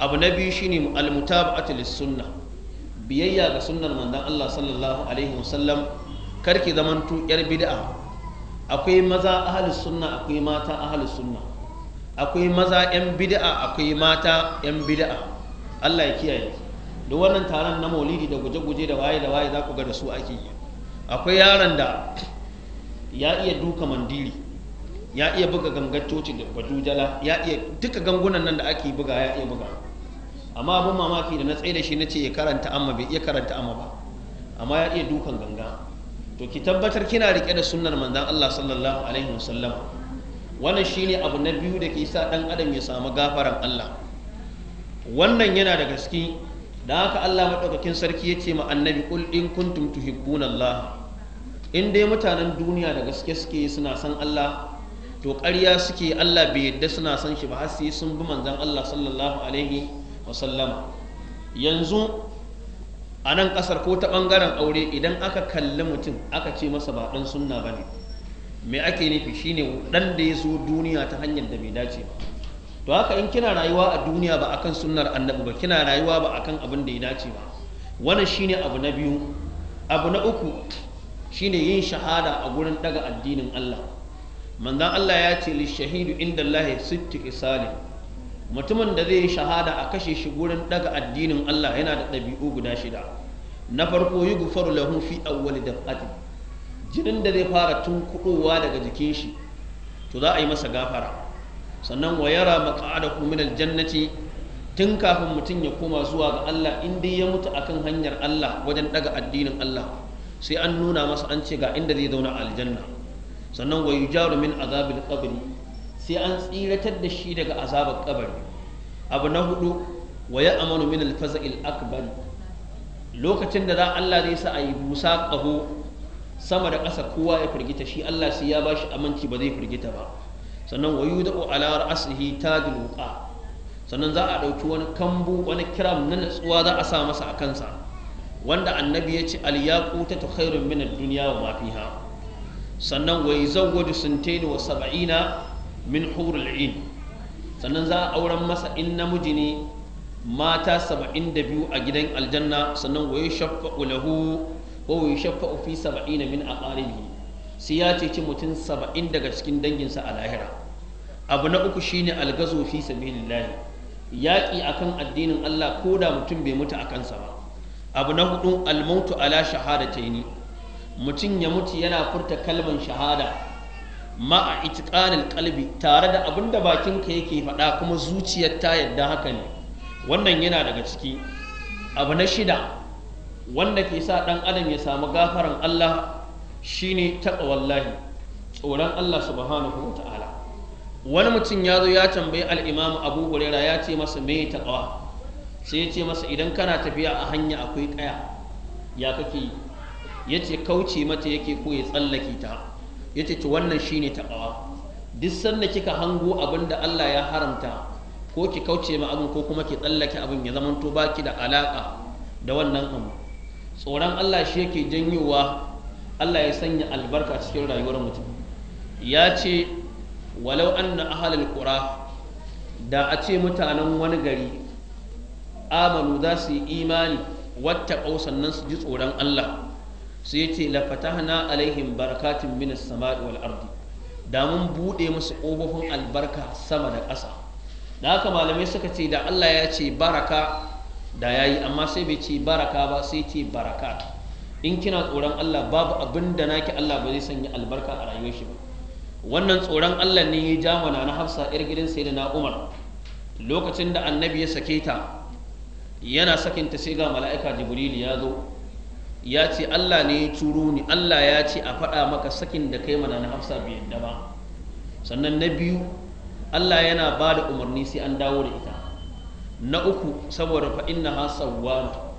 abu na biyu shine almutaba'atu sunna biyayya ga sunnar manzon Allah sallallahu alaihi wasallam karki zamantu yar bid'a akwai maza ahalus sunna akwai mata ahalus sunna akwai maza yan bid'a akwai mata yan bid'a Allah ya kiyaye da wannan taron na maulidi da guje-guje da waye da waye za ku ga da su ake yi akwai yaron da ya iya duka mandiri ya iya buga gangar coci da badujala ya iya duka gangunan nan da ake buga ya iya buga amma abin mamaki da na tsaye da shi na ce ya karanta amma bai iya karanta amma ba amma ya iya dukan ganga to ki tabbatar kina rike da sunnar manzon Allah sallallahu alaihi wasallam wannan shine abu na biyu da ke sa dan adam ya samu gafaran Allah wannan yana da gaske da haka Allah madaukakin sarki ya ce ma annabi kul in kuntum tuhibbuna Allah in dai mutanen duniya da gaske suke suna san Allah to ƙarya suke Allah bai yadda suna san shi ba har sai sun bi manzon Allah sallallahu alaihi wasallam yanzu a nan ƙasar ko ta bangaren aure idan aka kalli mutum aka ce masa ba ɗan sunna ba ne me ake nufi shine ɗan da ya zo duniya ta hanyar da bai dace ba to haka in kina rayuwa a duniya ba akan sunnar annabi ba kina rayuwa ba akan abin da ya dace ba wannan shine abu na biyu abu na uku shine yin shahada a gurin daga addinin Allah manzon Allah ya ce shahidu inda Allah sittu mutumin da zai shahada a kashe shi gurin daga addinin Allah yana da ɗabi'u guda shida na farko yi gufaru lahu fi awwali daf'atin jinin da zai fara tunkuɗowa daga jikin shi to za a yi masa gafara sannan wa yara maq'adahu min aljannati tun kafin mutum ya koma zuwa ga Allah in dai ya mutu akan hanyar Allah wajen daga addinin Allah sai an nuna masa an ce ga inda zai zauna a aljanna sannan wa yujaru min azabil qabri sai an tsiratar da shi daga azabar kabari abu na hudu wa ya amanu min alfaza'il akbar lokacin da za Allah zai sa a yi busa ƙaho sama da ƙasa kowa ya firgita shi Allah sai ya bashi aminci ba zai firgita ba sannan wa yudau ala ra'sihi tajul wuqa sannan za a dauki wani kambu wani kiram na natsuwa za a sa masa a kansa wanda annabi ya ce alyaquta ta khairun min ad-dunya wa ma fiha sannan wa yuzawwaju sintaini wa sab'ina min hurul ain sannan za a auren masa in namiji ne mata saba'in da biyu a gidan aljanna sannan wa yashaffa'u lahu wa yashaffa'u fi saba'ina min aqaribi sai ya ceci mutum saba'in daga cikin danginsa a lahira abu na uku shine algazo fi sabilillahi yaƙi akan addinin Allah ko da mutum bai mutu a kansa ba abu na hudu almautu ala shahadataini mutum ya mutu yana furta kalman shahada ma'a itiqanil qalbi tare da abin abinda bakinka yake faɗa kuma zuciyar ta yadda haka ne wannan yana daga ciki abu na shida wanda ke sa ɗan adam ya samu gafaran Allah shine wallahi tsoron Allah subhanahu ta'ala. wani mutum ya zo ya tambayi al-Imam Abu huraira ya ce masa me taqwa sai ya ce masa idan kana tafiya a hanya akwai kaya ya kake yi yace kauce mata yake ko ya tsallake ta ya ce ci wannan shi ne taɓawa duk sanda kika hango abin da Allah ya haramta ko ki kauce ma abin ko kuma ki tsallake abin ya zamanto baki da alaƙa da wannan abu tsoron Allah shi yake janyowa Allah ya sanya albarka cikin rayuwar mutum ya ce walau anna ahlul qura da a ce mutanen wani gari amanu za su yi imani wata sannan su ji tsoron Allah sai ce la fatahna alaihim barakatin minas sama'i wal ardi da mun bude musu kofofin albarka sama da ƙasa da haka malamai suka ce da Allah ya ce baraka da yayi amma sai bai ce baraka ba sai ce barakat in kina tsoron Allah babu abin da naki Allah ba zai sanya albarka a rayuwar shi ba wannan tsoron Allah ne ya ja mana na Hafsa yar gidan Sayyidina Umar lokacin da annabi ya sake ta yana sakinta sai ga mala'ika Jibril ya zo ya ce Allah ne ya turo ni Allah ya ce a faɗa maka sakin da kai mana na hafsa bai yadda ba sannan na biyu Allah yana ba da umarni sai an dawo da ita na uku saboda fa inna ha sawwama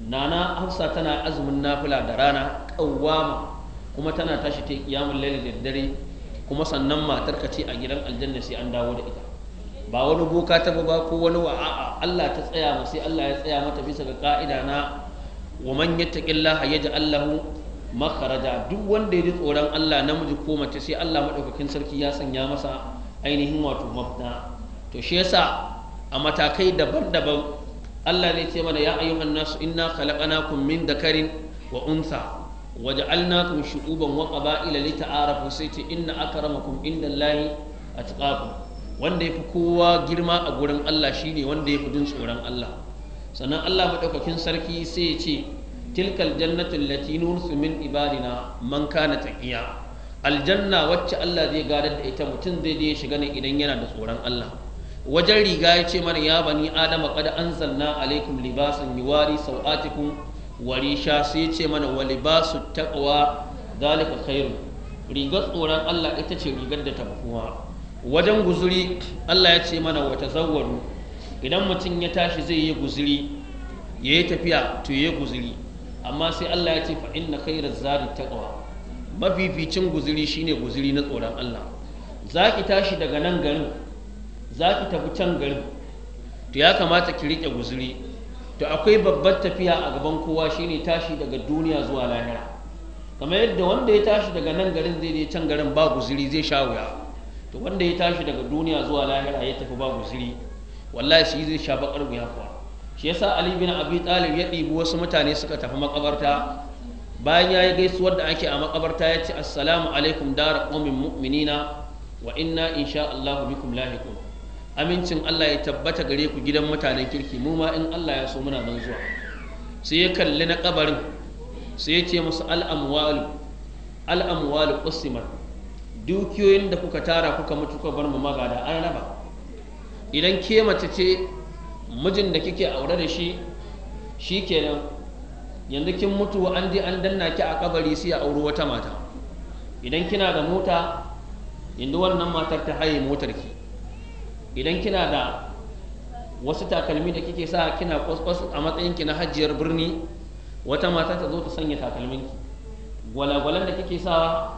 nana hafsa tana azumin nafila da rana kawwama kuma tana tashi ta kiyamul layli da dare kuma sannan matar ka ce a gidan aljanna sai an dawo da ita ba wani boka ta ba ko wani wa'a'a Allah ta tsaya ma sai Allah ya tsaya mata bisa ga ka'ida na wa man ya yaj'al lahu makarada duk wanda ya ji tsoron Allah namiji ko mace sai Allah madaukakin sarki ya sanya masa ainihin wato mafita to shi yasa a matakai daban-daban Allah ne ce mana ya ayyuhan nasu inna khalaqnakum min dakarin wa unsa waja'alnakum shu'uban wa qaba'ila lita'arafu sai ce inna akramakum indallahi atqakum wanda yafi kowa girma a gurin Allah shine wanda fi jin tsoron Allah sannan Allah madaukakin sarki sai ya ce tilkal jannatu allati nursu min ibadina man kana taqiya aljanna wacce Allah zai gadar da ita mutum zai je shiga ne idan yana da tsoron Allah wajen riga ya ce mana ya bani adama qad anzalna alaikum libasan yuwari sau'atikum warisha sai ya ce mana wa libasu taqwa zalika khairu rigar tsoron Allah ita ce rigar da tafi wajen guzuri Allah ya ce mana wa tazawwaru idan mutum ya tashi zai yi guziri ya yi tafiya to ya guziri amma sai Allah ya ce na kai razzari ta ƙawa mafificin guziri shine guziri na tsoron Allah za ki tashi daga nan garin za ki tafi can garin to ya kamata ki riƙe guziri to akwai babbar tafiya a gaban kowa shine tashi daga duniya zuwa lahira kamar yadda wanda ya tashi daga nan garin zai je can garin ba guziri zai sha wuya to wanda ya tashi daga duniya zuwa lahira ya tafi ba guziri wallahi shi zai sha bakar wuya kuwa shi yasa ali bin abi talib ya ɗibi wasu mutane suka tafi makabarta bayan ya yi gaisuwar da ake a makabarta ya ce assalamu alaikum dara qaumin mu'minina wa inna insha allahu bikum lahiqun amincin Allah ya tabbata gare ku gidan mutanen kirki mu ma in Allah ya so muna nan zuwa sai ya kalli na kabarin sai ya ce musu al'amwalu al'amwalu qusimar dukiyoyin da kuka tara kuka mutu kuka bar mu magada an raba idan ke mace ce mijin da kike aure da shi shi kenan yanzu kin mutu an je an danna ki a kabari sai a auri wata mata idan kina da mota yanzu wannan matar ta haye motar ki idan kina da wasu takalmi da kike sa kina kwaskwas a matsayin ki na hajjiyar birni wata mata ta zo ta sanya takalmin ki gwalagwalan da kike sa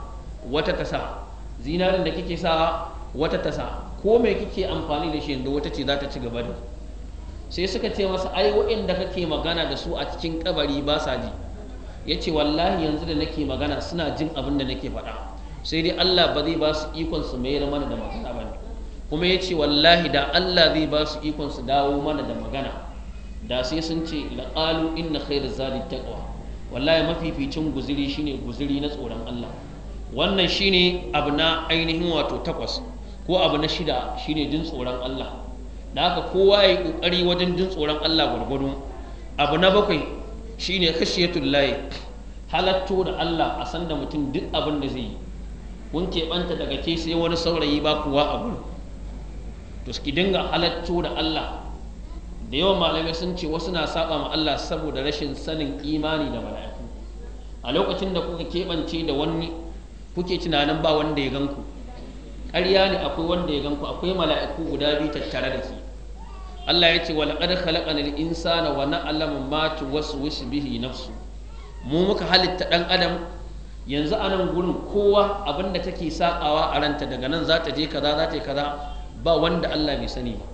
wata ta sa zinarin da kike sa wata ta sa ko me kike amfani da shi yanzu wata ce za ta ci gaba da sai suka ce masa ai waɗanda kake magana da su a cikin kabari ba sa ji ya ce wallahi yanzu da nake magana suna jin abin da nake faɗa sai dai Allah ba zai ba su ikon su mayar mana da magana ba kuma ya ce wallahi da Allah zai ba su ikon su dawo mana da magana da sai sun ce laqalu inna khairu zadi taqwa wallahi mafificin guziri shine guziri na tsoron Allah wannan shine abu na ainihin wato takwas ko abu na shida shine jin tsoron Allah da haka kowa ya yi kokari wajen jin tsoron Allah gwargwado abu na bakwai shine khashiyatul lahi halatto da Allah a sanda mutum duk abin da zai yi kun keɓanta daga ke sai wani saurayi ba kuwa a gudu to ki dinga halatto da Allah da yawan malamai sun ce wasu na saba ma Allah saboda rashin sanin imani da mala'iku a lokacin da kuka keɓance da wani kuke tunanin ba wanda ya ganku ƙarya ne akwai wanda ya ganku akwai mala'iku guda biyu tattare da shi Allah ya ce wa laqad khalaqana al-insana wa na'lamu ma tuwaswisu bihi nafsu mu muka halitta dan adam yanzu anan gurin kowa abin da take sakawa a ranta daga nan za ta je kaza za ta kaza ba wanda Allah bai sani ba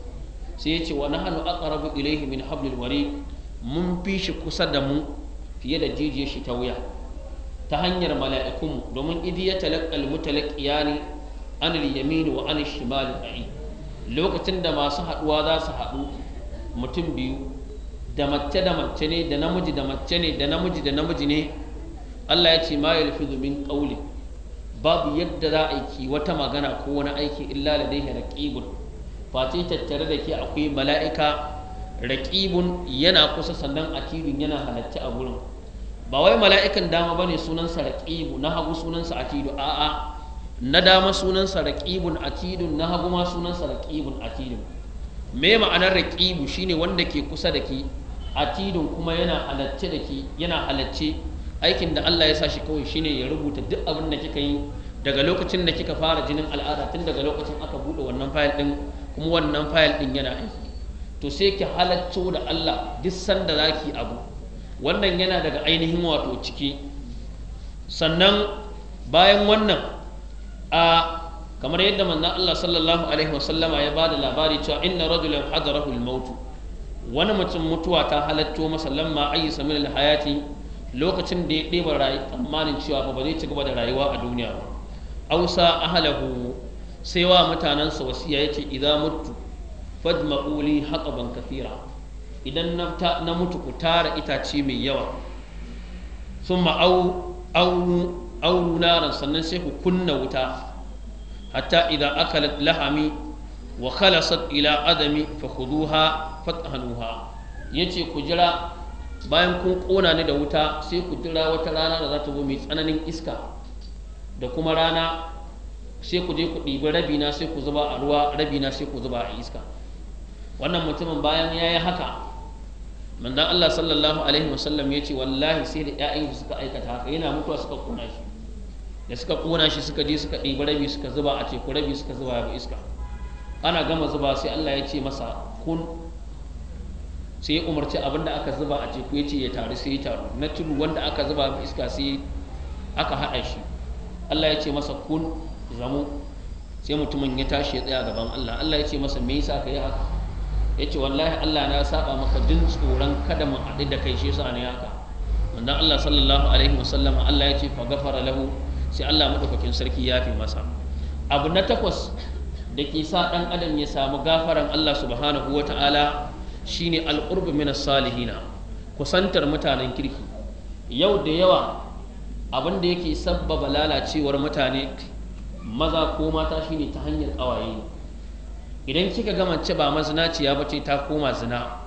sai ya ce wa nahnu aqrabu ilayhi min hablil warid mun fi shi kusa da mu fiye da jijiyar shi ta wuya ta hanyar mala'ikunmu domin idi ya talakkal ne an yamin wa an shimal ba'i lokacin da masu haduwa za su haɗu mutum biyu da mace da mace ne da namiji da mace ne da namiji da namiji ne Allah ya ce ma yalfizu min qawli babu yadda za a yi wata magana ko wani aiki illa ladayhi raqibun face tattare da ke akwai mala'ika raƙibun yana kusa sannan atidun yana halarci a gurin ba wai mala'ikan dama bane sunansa raƙibu na hagu sunansa atidu a'a na dama sunansa raqibun atidun na hagu ma sunansa raqibun atidun me ma'anar raqibu shine wanda ke kusa da ki atidun kuma yana halacce da ki yana halacce aikin da Allah ya sa shi kawai shine ya rubuta duk abin da kika yi daga lokacin da kika fara jinin al'ada tun daga lokacin aka bude wannan fayil din kuma wannan fayil din yana aiki to sai ki halacce da Allah duk sanda zaki abu wannan yana daga ainihin wato ciki sannan bayan wannan a kamar yadda manzon Allah sallallahu alaihi wasallama ya bada labari cewa inna rajulan hadarahu al wani mutum mutuwa ta halatto masa lamma ayi samil hayati lokacin da ya ɗeba rayu tsammanin cewa ba zai ci gaba da rayuwa a duniya ba ausa ahlahu sai wa sa wasiya yace ce idan mutu fadma'u li haqaban kathira idan na mutu ku tara itace mai yawa au au aw naran sannan sai ku kunna wuta hatta idza akalat lahami wa khalasat ila adami fakhuduha fathanuha yace ku jira bayan kun kona ni da wuta sai ku jira wata rana da za ta zo mai tsananin iska da kuma rana sai ku je ku ɗibi rabina sai ku zuba a ruwa rabina sai ku zuba a iska wannan mutumin bayan ya yi haka manzon Allah sallallahu alaihi wasallam ya ce wallahi sai da 'ya'yan suka aikata haka yana mutuwa suka kona shi da suka kona shi suka je suka ɗibi rabi suka zuba a teku rabi suka zuba ya iska ana gama zuba sai Allah ya ce masa kun sai ya umarci abinda aka zuba a teku ya ce ya taru sai ya taru na tudu wanda aka zuba ya iska sai aka haɗa shi Allah ya ce masa kun zamo sai mutumin ya tashi ya tsaya gaban Allah Allah ya ce masa me yasa ka yi haka ya ce wallahi Allah na saba maka din tsoron kada mu haɗu da kai shi yasa ne haka manzon Allah sallallahu alaihi wasallam Allah ya ce fa gafara lahu sai Allah maɗaukakin sarki ya fi masa abu na takwas da ke sa ɗan adam ya samu gafaran Allah subhanahu wa ta'ala shine al'urbu minas salihina kusantar mutanen kirki yau da yawa abin da yake sabbaba lalacewar mutane maza ko mata shine ta hanyar ƙawaye idan kika ga mace ba mazinaciya ba ce ta koma zina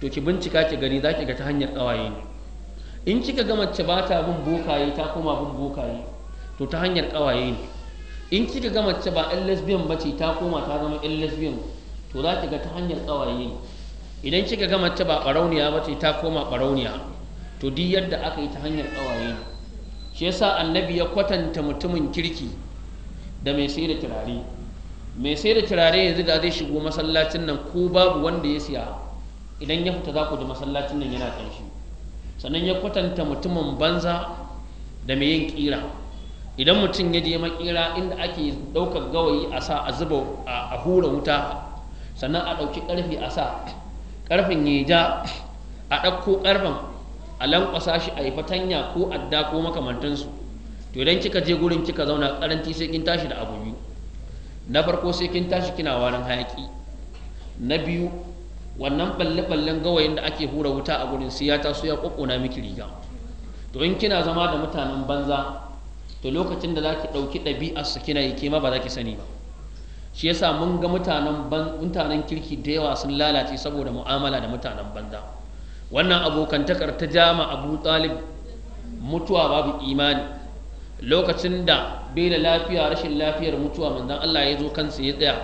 to ki bincika ki gani za ki ga ta hanyar ƙawaye ne in kika ga mace ba ta bin bokaye ta koma bin bokaye to ta hanyar ƙawaye ne in kika ga mace ba ɗan lesbian ba ce ta koma ta zama ɗan lesbian to za ki ga ta hanyar ƙawaye ne idan kika ga mace ba ɓarauniya ba ce ta koma ɓarauniya to duk yadda aka yi ta hanyar ƙawaye ne shi yasa annabi ya kwatanta mutumin kirki da mai sai da turare mai sai da turare yanzu da zai shigo masallacin nan ko babu wanda ya siya idan ya fita za ku ji masallacin nan yana ƙanshi sannan ya kwatanta mutumin banza da mai yin ƙira idan mutum ya je makera inda ake ɗaukar gawayi a sa a zuba a hura wuta sannan a ɗauki karfi a sa karfin ya ja a ɗauko ƙarfen a lankwasa shi a yi fatanya ko adda ko makamantansu to idan kika je gurin kika zauna karanti sai kin tashi da abu biyu na farko sai kin tashi kina warin hayaki na biyu wannan balle-ballen gawayin da ake hura wuta a gurin sai ya taso ya miki riga to in kina zama da mutanen banza to lokacin da zaki ɗauki ɗabi'a su kina yake ma ba ki sani ba shi yasa mun ga mutanen kirki da yawa sun lalace saboda mu'amala da mutanen banza wannan abokantakar ta jama Abu Talib mutuwa babu imani lokacin da bai da lafiya rashin lafiyar mutuwa manzon Allah ya zo kansa ya tsaya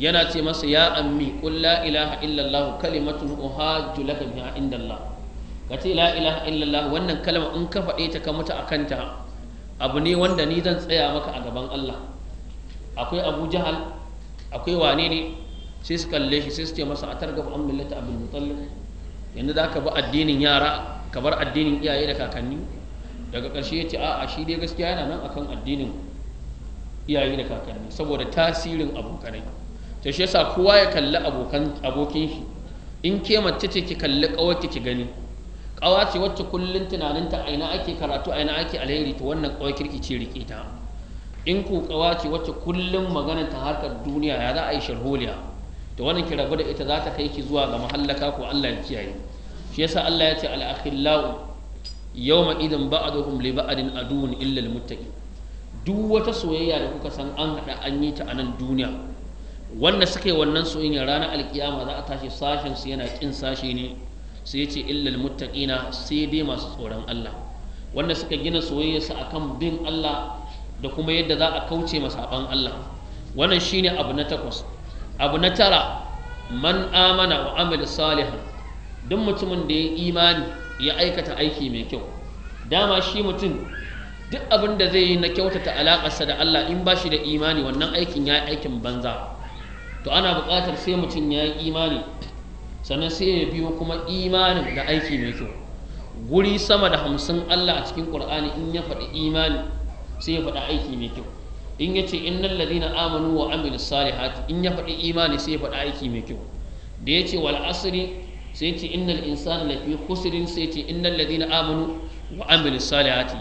yana ce masa ya ammi qul la ilaha illallah kalimatun uhajju laka biha indallah kace la ilaha illallah wannan kalma in ka faɗe ta ka mutu akanta abu ne wanda ni zan tsaya maka a gaban Allah akwai Abu Jahal akwai wane ne sai su kalle shi sai su ce masa a targa targaba an millata abin mutallin yanzu za ka bi addinin yara ka bar addinin iyaye da kakanni daga ƙarshe ya ce a'a shi dai gaskiya yana nan akan addinin iyaye da kakanni saboda tasirin abokanai ta shi yasa kowa ya kalli abokin shi in ke mace ce ki kalli ƙawarki ki gani Ƙawace ce wacce kullum tunaninta aina ake karatu aina ake alheri to wannan kawai kirki ce rike ta in ku ƙawa ce wacce kullum magana ta harkar duniya ya za a yi sharholiya to wannan ki rabu da ita za ta kai ki zuwa ga mahallaka ko Allah ya kiyaye shi yasa Allah ya ce al akhillau yawma idan ba'duhum li ba'din adun illa al muttaqin duk wata soyayya da kuka san an hada an yi ta a nan duniya wanda suka yi wannan soyayya ranar alkiyama za a tashi sashen su yana kin sashi ne sai ce illal muttaqina sai dai masu tsoron Allah wanda suka gina soyayyarsu akan bin Allah da kuma yadda za a kauce masaban Allah wannan shine abu na takwas abu na tara man amana wa amil salihan duk mutumin da ya imani ya aikata aiki mai kyau dama shi mutum duk abin da zai yi na kyautata alaƙarsa da Allah in ba shi da imani wannan aikin ya yi aikin banza to ana buƙatar sai mutum ya yi imani sannan sai ya biyo kuma imanin da aiki mai kyau guri sama da hamsin Allah a cikin Qur'ani in ya faɗi imani sai ya faɗi aiki mai kyau in ya ce innal ladina amanu wa amilus salihati in ya faɗi imani sai ya faɗi aiki mai kyau da ya ce wal asri sai ce innal insana lafi khusrin sai ce innal ladina amanu wa amilus salihati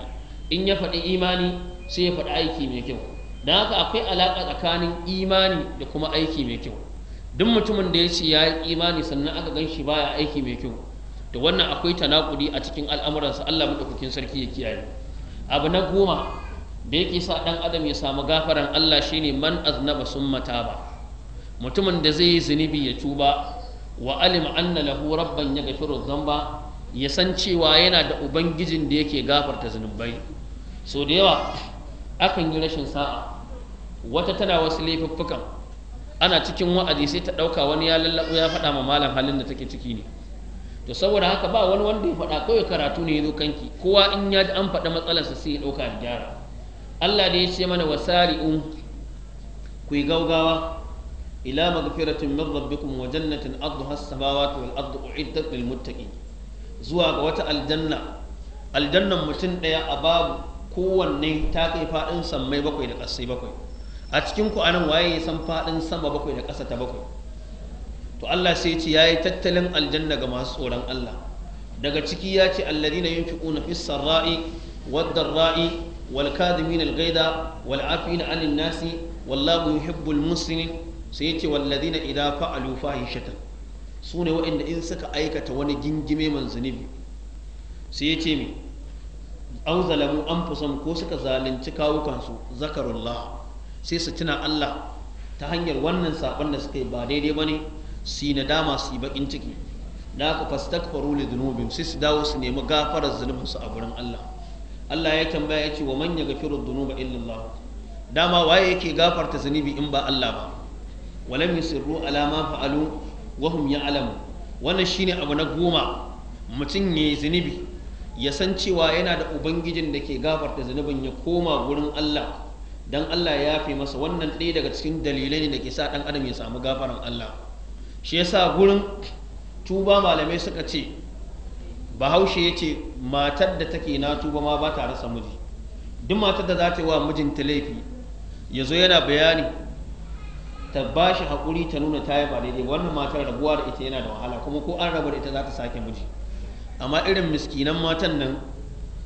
in ya faɗi imani sai ya faɗi aiki mai kyau don haka akwai alaƙa tsakanin imani da kuma aiki mai kyau duk mutumin da ya ce ya yi imani sannan aka gan shi baya aiki mai kyau da wannan akwai tanakuri a cikin al'amuransa Allah madaukakin sarki ya kiyaye abu na goma da yake sa dan adam ya samu gafaran Allah shine man aznaba summa taba mutumin da zai yi zunubi ya tuba wa alim anna lahu rabban yaghfiru dhanba ya san cewa yana da ubangijin da yake gafarta zunubai sau da yawa akan yi rashin sa'a wata tana wasu laifuffukan ana cikin wa'azi sai ta ɗauka wani ya lallaɓo ya faɗa ma malam halin da take ciki ne to saboda haka ba wani wanda ya faɗa kawai karatu ne ya zo kanki kowa in ya ji an faɗa matsalarsa sai ya ɗauka da gyara Allah da ya ce mana wasari'un ku yi gaugawa ila magfiratin min rabbikum wa jannatin arduha as-samawati wal ardu u'iddat lil muttaqin zuwa ga wata aljanna aljannan mutum ɗaya a babu kowanne ta kai faɗin sammai bakwai da ƙasai bakwai a cikin ku anan waye ya san fadin sama bakwai da ƙasa ta bakwai to Allah sai ce yayi tattalin aljanna ga masu tsoron Allah daga ciki ya ce alladina yunfiquna fis sarra'i wad darra'i wal kadhimin al ghaida wal afina 'anil nasi wallahu yuhibbul muslimin sai yace walladina idza fa'alu su sune waɗanda in suka aikata wani gingime man zunubi sai yace mi an zalamu anfusahum ko suka zalunci kawukansu zakarullah sai su tuna Allah ta hanyar wannan saƙon da suka yi ba daidai ba ne su yi nadama su yi bakin ciki da aka fastakfaru li zunubin sai su dawo su nemi gafarar zunubin su a gurin Allah Allah ya tambaya ya ce wa ga yaghfiru dhunuba illallah dama waye yake gafarta zunubi in ba Allah ba walam yusirru ala ma fa'alu wa hum ya'lamu wannan shine abu na goma mutum yayi zunubi ya san cewa yana da ubangijin da ke gafarta zunubin ya koma gurin Allah dan Allah ya yafe masa wannan ɗaya daga cikin dalilai ne da ke sa ɗan adam ya samu gafaran Allah shi ya sa gurin tuba malamai suka ce bahaushe ya ce matar da take na tuba ma ba ta rasa miji duk matar da za ta yi wa mijinta laifi ya zo yana bayani ta ba shi haƙuri ta nuna ta yi ba daidai wannan matar rabuwa da ita yana da wahala kuma ko an rabu da ita za ta sake miji amma irin miskinan matan nan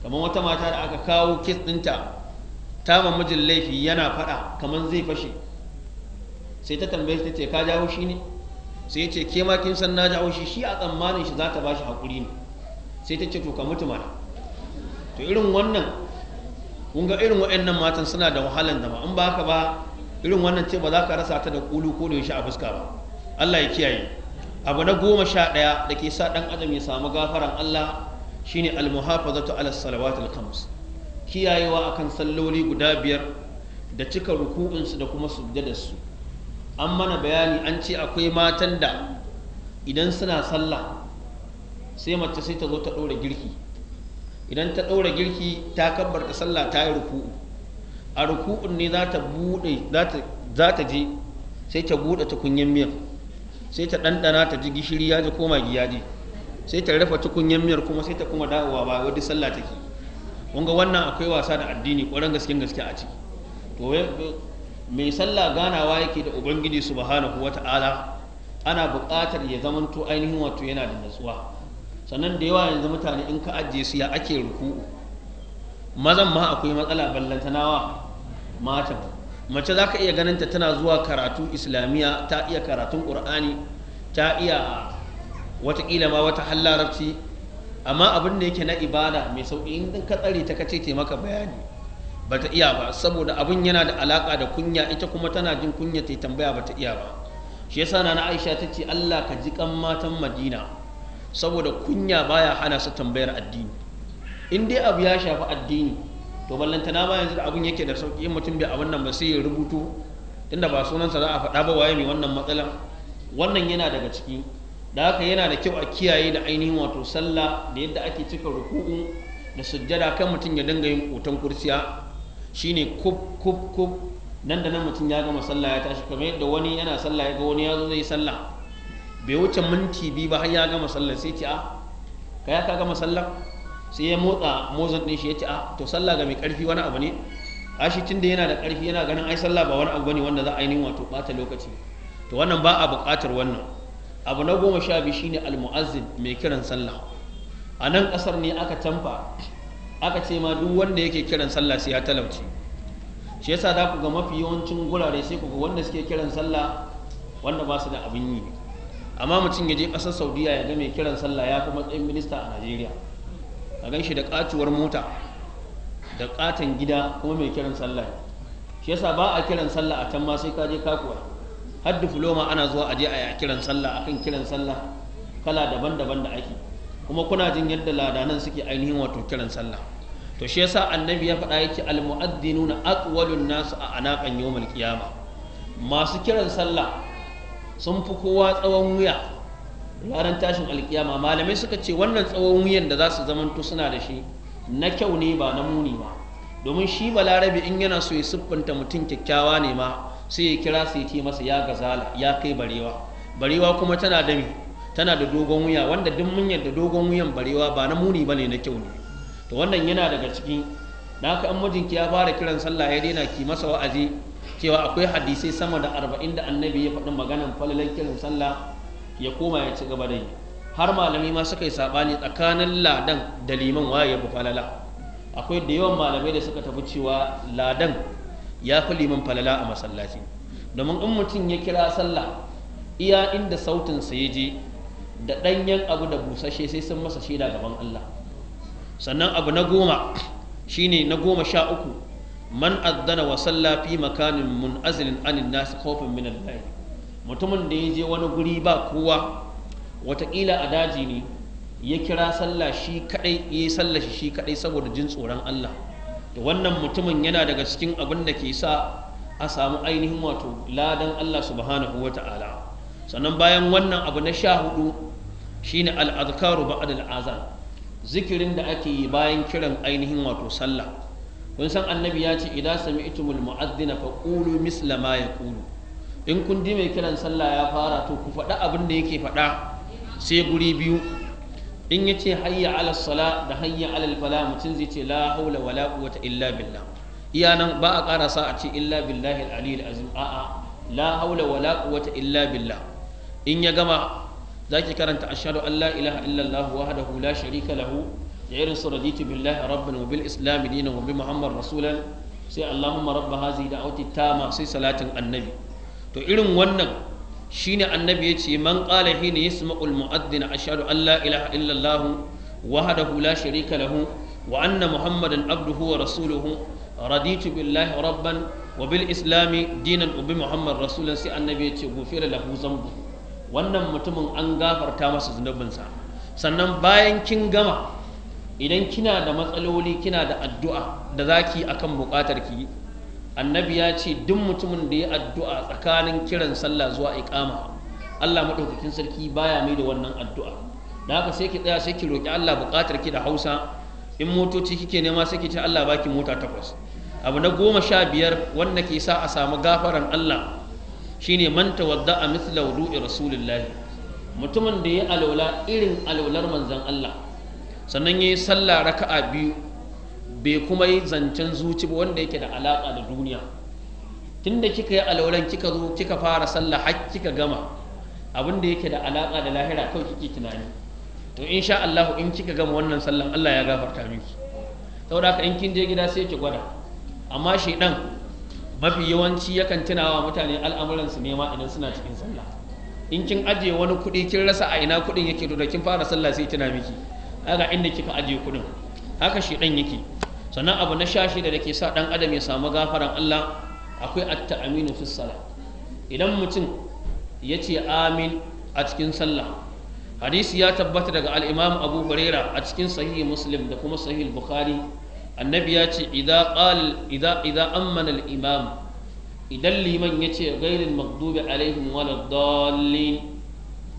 kamar wata mata da aka kawo kes ɗinta tama mijin laifi yana faɗa kamar zai fashe sai ta tambaye ta ce ka jawo shi ne sai ce ke ma kin san na jawo shi shi a tsammanin shi za ta bashi hakuri ne sai ta ce to ka mutu mana to irin wannan kun ga irin waɗannan matan suna da wahalan zama in ba haka ba irin wannan ce ba za ka rasa ta da kulu ko da yaushe a fuska ba Allah ya kiyaye abu na goma sha ɗaya da ke sa ɗan adam ya samu gafaran Allah shine al-muhafazatu ala salawatil khams kiyayewa akan salloli guda biyar da cika ruku'insu da kuma sujjadarsu an mana bayani an ce akwai matan da idan suna sallah sai mace sai ta zo ta ɗora girki idan ta ɗora girki ta kabbarta sallah ta yi ruku'u a ruku'un ne za ta buɗe za ta je sai ta buɗe kunyen miyar sai ta ɗanɗana ta ji gishiri ya ji ko magi ya ji sai ta rufe tukunyen miyar kuma sai ta kuma dawowa ba wadda sallah take kun ga wannan akwai wasa da addini ƙwarar gaske gaske a ciki to mai sallah ganawa yake da ubangiji subhanahu wata'ala ana buƙatar ya zamanto ainihin wato yana da natsuwa sannan da yawa yanzu mutane in ka ajiye su ya ake ruku'u mazan ma akwai matsala ballantanawa mata mace za ka iya ganinta tana zuwa karatu islamiyya ta iya karatun ƙur'ani ta iya watakila ma wata hallararci amma abin da yake na ibada mai sauƙi in ka tsare ta kace ce maka bayani ba ta iya ba saboda abin yana da alaka da kunya ita kuma tana jin kunya ta tambaya ba ta iya ba shi yasa na Aisha ta ce Allah ka ji kan matan Madina saboda kunya baya hana su tambayar addini in dai abu ya shafi addini to ballantana ba yanzu da abin yake da sauƙi in mutum bai a wannan ba sai ya rubuto tunda ba sunansa za a faɗa ba waye mai wannan matsalan wannan yana daga ciki da haka yana da kyau a kiyaye da ainihin wato sallah da yadda ake cika ruku'u da sujjada kan mutum ya dinga yin kotan kursiya shine kub kub kub nan da nan mutum ya gama sallah ya tashi kamar yadda wani yana sallah ya ga wani ya zo zai sallah bai wuce minti biyu ba har ya gama sallah sai ce a ah, ka ya ka gama sallah sai ya motsa mozan din shi ya ce a ah, to sallah ga mai karfi wani abu ne ashi tunda yana da karfi yana ganin ai sallah ba wani abu bane wanda za a yi wato bata lokaci to wannan ba a buƙatar wannan abu na goma sha biyu shine almu'azzin mai kiran sallah a nan kasar ne aka tamfa aka ce ma duk wanda yake kiran sallah sai ya talauci shi yasa za ku ga mafi yawancin gurare sai ku ga wanda suke kiran sallah wanda ba su da abin yi amma mutum ya je ƙasar saudiya ya ga mai kiran sallah ya fi matsayin minista a najeriya a gan shi da katuwar mota da katon gida kuma mai kiran sallah shi yasa ba a kiran sallah a can ma sai ka je kakuwa har difloma ana zuwa aje a kiran sallah akan kiran sallah kala daban-daban da ake kuma kuna jin yadda ladanan suke ainihin wato kiran sallah to shi yasa annabi ya faɗa yake almu'addinuna aqwalun nasu a anaqan yawmal qiyama masu kiran sallah sun fi kowa tsawon wuya ranar tashin alkiyama malamai suka ce wannan tsawon wuyan da za su zamanto suna da shi na kyau ne ba na muni ba domin shi balarabe in yana so ya siffanta mutum kyakkyawa ne ma sai ya kira sai ce masa ya gazala ya kai barewa barewa kuma tana da mi tana da dogon wuya wanda duk mun yarda dogon wuyan barewa ba na muni ba ne na kyau ne to wannan yana daga cikin naka an mijinki ya fara kiran sallah ya daina ki masa wa'azi cewa akwai hadisai sama da arba'in da annabi ya faɗi maganan falalan kiran sallah ya koma ya ci gaba da yi har malami ma suka yi saɓani tsakanin ladan da liman waye ya falala akwai da yawan malamai da suka tafi cewa ladan ya fi liman falala a masallaci domin in mutum ya kira sallah iya inda sautinsa ya je da ɗanyen abu da busashe sai sun masa shaida gaban Allah sannan abu na goma shine na goma sha uku man addana wa sallah fi makanin mun'azilin anin kofin khawfin min mutumin da ya je wani guri ba kowa watakila a daji ne ya kira sallah shi kadai ya yi sallah shi kadai saboda jin tsoron Allah Da wannan mutumin yana daga cikin abin da ke sa a samu ainihin wato ladan Allah subhanahu wa ta'ala sannan bayan wannan abu na sha hudu shine al'adkaru ba'ad al'azan zikirin da ake yi bayan kiran ainihin wato sallah kun san annabi ya ce idan sami'tumul mu'adhdhina Kulu misla ma kulu. in kun ji mai kiran sallah ya fara to ku faɗa abin da yake faɗa sai guri biyu in ya ce hayya ala sala da hayya ala fala mutum zai ce la haula wala quwwata illa billah iya nan ba a ƙara sa a ce illa billahi al-aliyyil azim a'a la haula wala quwwata illa billah in ya gama zaki karanta ashhadu an la ilaha illallah wahdahu la sharika lahu da irin su raditu billahi rabban wa bil islam dinan wa bi muhammad rasulan sai allahumma rabb hadhihi da'wati tama sai salatin annabi to irin wannan shine annabi ya ce man ƙala hina yasma'ul mu'adhdhin ashhadu an la ilaha illallah wahdahu la sharika lahu wa anna muhammadan abduhu wa rasuluhu raditu billahi rabban wa bil islami dinan ubi muhammad rasulun sai annabi ya ce da lahu zambu wannan mutumin an gafarta masa zunubinsa sannan bayan kin gama idan kina da matsaloli kina da addu'a da zaki akan bukatar ki annabi ya ce duk mutumin da ya addu'a tsakanin kiran sallah zuwa iqama Allah madaukakin sarki baya mai da wannan addu'a da haka sai ki tsaya sai ki roki Allah buƙatar ki da Hausa in motoci kike nema sai ki ce Allah baki mota takwas abu na goma sha biyar wanda ke sa a samu gafaran Allah shine man tawadda a mithla wudu'i rasulillahi mutumin da ya alwala irin alwalar manzon Allah sannan yayi sallah raka'a biyu bai kuma yi zancen zuci ba wanda yake da alaƙa da duniya tun da kika yi alauran kika zo kika fara sallah har kika gama abin da yake da alaƙa da lahira kawai kike tunani to insha Allah in kika gama wannan sallan Allah ya gafarta miki saboda haka in kin je gida sai ki gwada amma shedan mafi yawanci yakan tunawa mutane al'amuran su nema idan suna cikin sallah in kin aje wani kuɗi kin rasa a ina kuɗin yake to da kin fara sallah sai tuna miki haka inda kika aje kuɗin haka shedan yake sannan abu na shashi da ke sa ɗan adam ya samu gafaran Allah akwai atta aminu fi salah idan mutum ya ce amin a cikin sallah hadisi ya tabbata daga al'imam Abu Huraira a cikin sahihi Muslim da kuma sahihi Bukhari annabi ya ce idan qala imam idan liman ya ce gairin magdubi alaihim wala dallin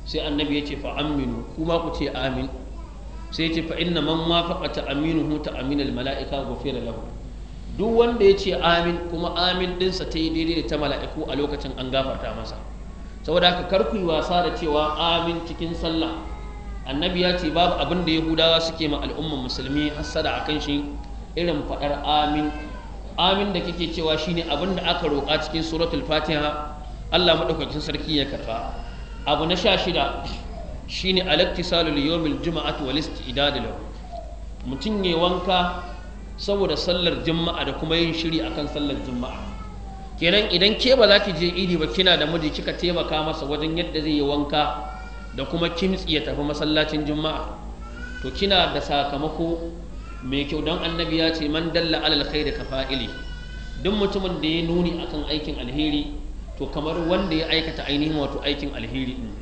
sai annabi ya ce fa aminu kuma ku ce amin sai ce fa inna man wafaqa ta aminuhu ta aminal mala'ika ghufira lahu duk wanda ya ce amin kuma amin dinsa ta yi daidai da ta mala'iku a lokacin an gafarta masa saboda haka kar ku yi wasa da cewa amin cikin sallah annabi ya ce babu abin da yahudawa suke ma al'umman musulmi hassada akan shi irin faɗar amin amin da kike cewa shine abin da aka roƙa cikin suratul fatiha Allah maɗaukakin sarki ya karɓa abu na sha shida shine al-iktisalul yawmil juma'ati wal istidad lahu mutum ya wanka saboda sallar juma'a da kuma yin shiri akan sallar juma'a kenan idan ke ba za ki je idi ba kina da miji kika taimaka masa wajen yadda zai yi wanka da kuma kimtsi ya tafi masallacin juma'a to kina da sakamako mai kyau don annabi ya ce man dalla alal da ka fa'ili duk mutumin da ya nuni akan aikin alheri to kamar wanda ya aikata ainihin wato aikin alheri din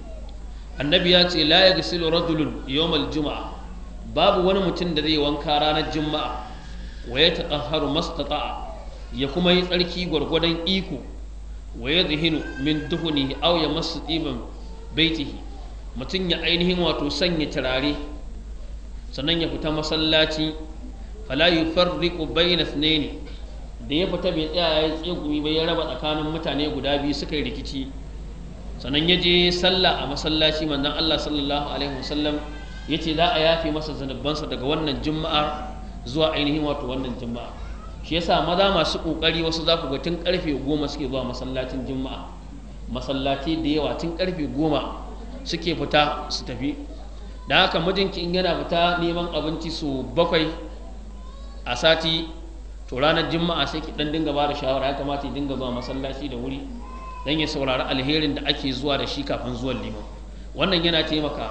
annabi ya ce la yaghsilu rajulun yawmal juma'a babu wani mutum da zai wanka ranar juma'a wa ya tatahharu mastata'a ya kuma yi tsarki gwargwadon iko wa ya zihinu min duhunihi aw ya masu ɗiban baitihi mutum ya ainihin wato sanya turare sannan ya fita masallaci fala farriku bayna ne da ya fita bai tsaya ya tsegumi ba ya raba tsakanin mutane guda biyu suka yi rikici sannan ya je sallah a masallaci manzan Allah sallallahu alaihi wasallam ya ce za a yafe masa zanubansa daga wannan juma'ar zuwa ainihin wato wannan juma'a shi yasa maza masu kokari wasu za ku ga tun karfe goma suke zuwa masallacin juma'a masallaci da yawa tun karfe goma suke fita su tafi da haka mijinki in yana fita neman abinci su bakwai a sati to ranar juma'a sai ki dan dinga ba da shawara ya kamata ya dinga zuwa masallaci da wuri don ya saurari alherin da ake zuwa da shi kafin zuwan liman wannan yana taimaka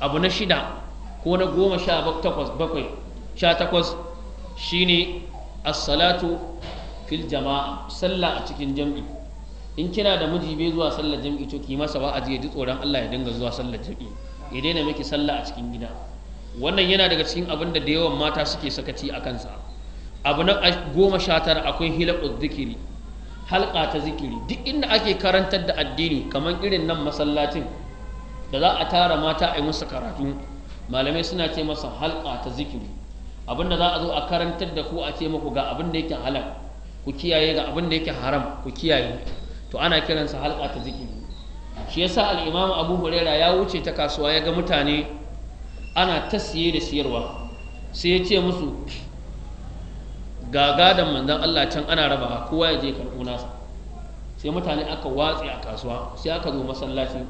abu na shida ko na goma sha bakwai sha takwas shi ne asalatu fil jama'a sallah a cikin jam'i in kina da miji bai zuwa sallar jam'i to ki masa wa'azi ya ji tsoron Allah ya dinga zuwa sallar jam'i ya daina miki sallah a cikin gida wannan yana daga cikin abin da da yawan mata suke sakaci a kansa abu na goma sha tara akwai hilakus zikiri Halƙa ta zikiri duk inda ake karantar da addini kamar irin nan masallacin da za a tara mata a yi musu karatu malamai suna ce masa halƙa ta zikiri abinda za a zo a karantar da ku a ce maku ga abin da yake halal ku kiyaye ga abin yake haram ku kiyaye to ana kiransa halƙa ta zikiri shi yasa al'imamu abu huraira ya wuce ta kasuwa ya ga mutane ana ta siye da siyarwa sai ya ce musu ga gadon manzan Allah can ana raba kowa ya je karɓo nasa sai mutane aka watse a kasuwa sai aka zo masallaci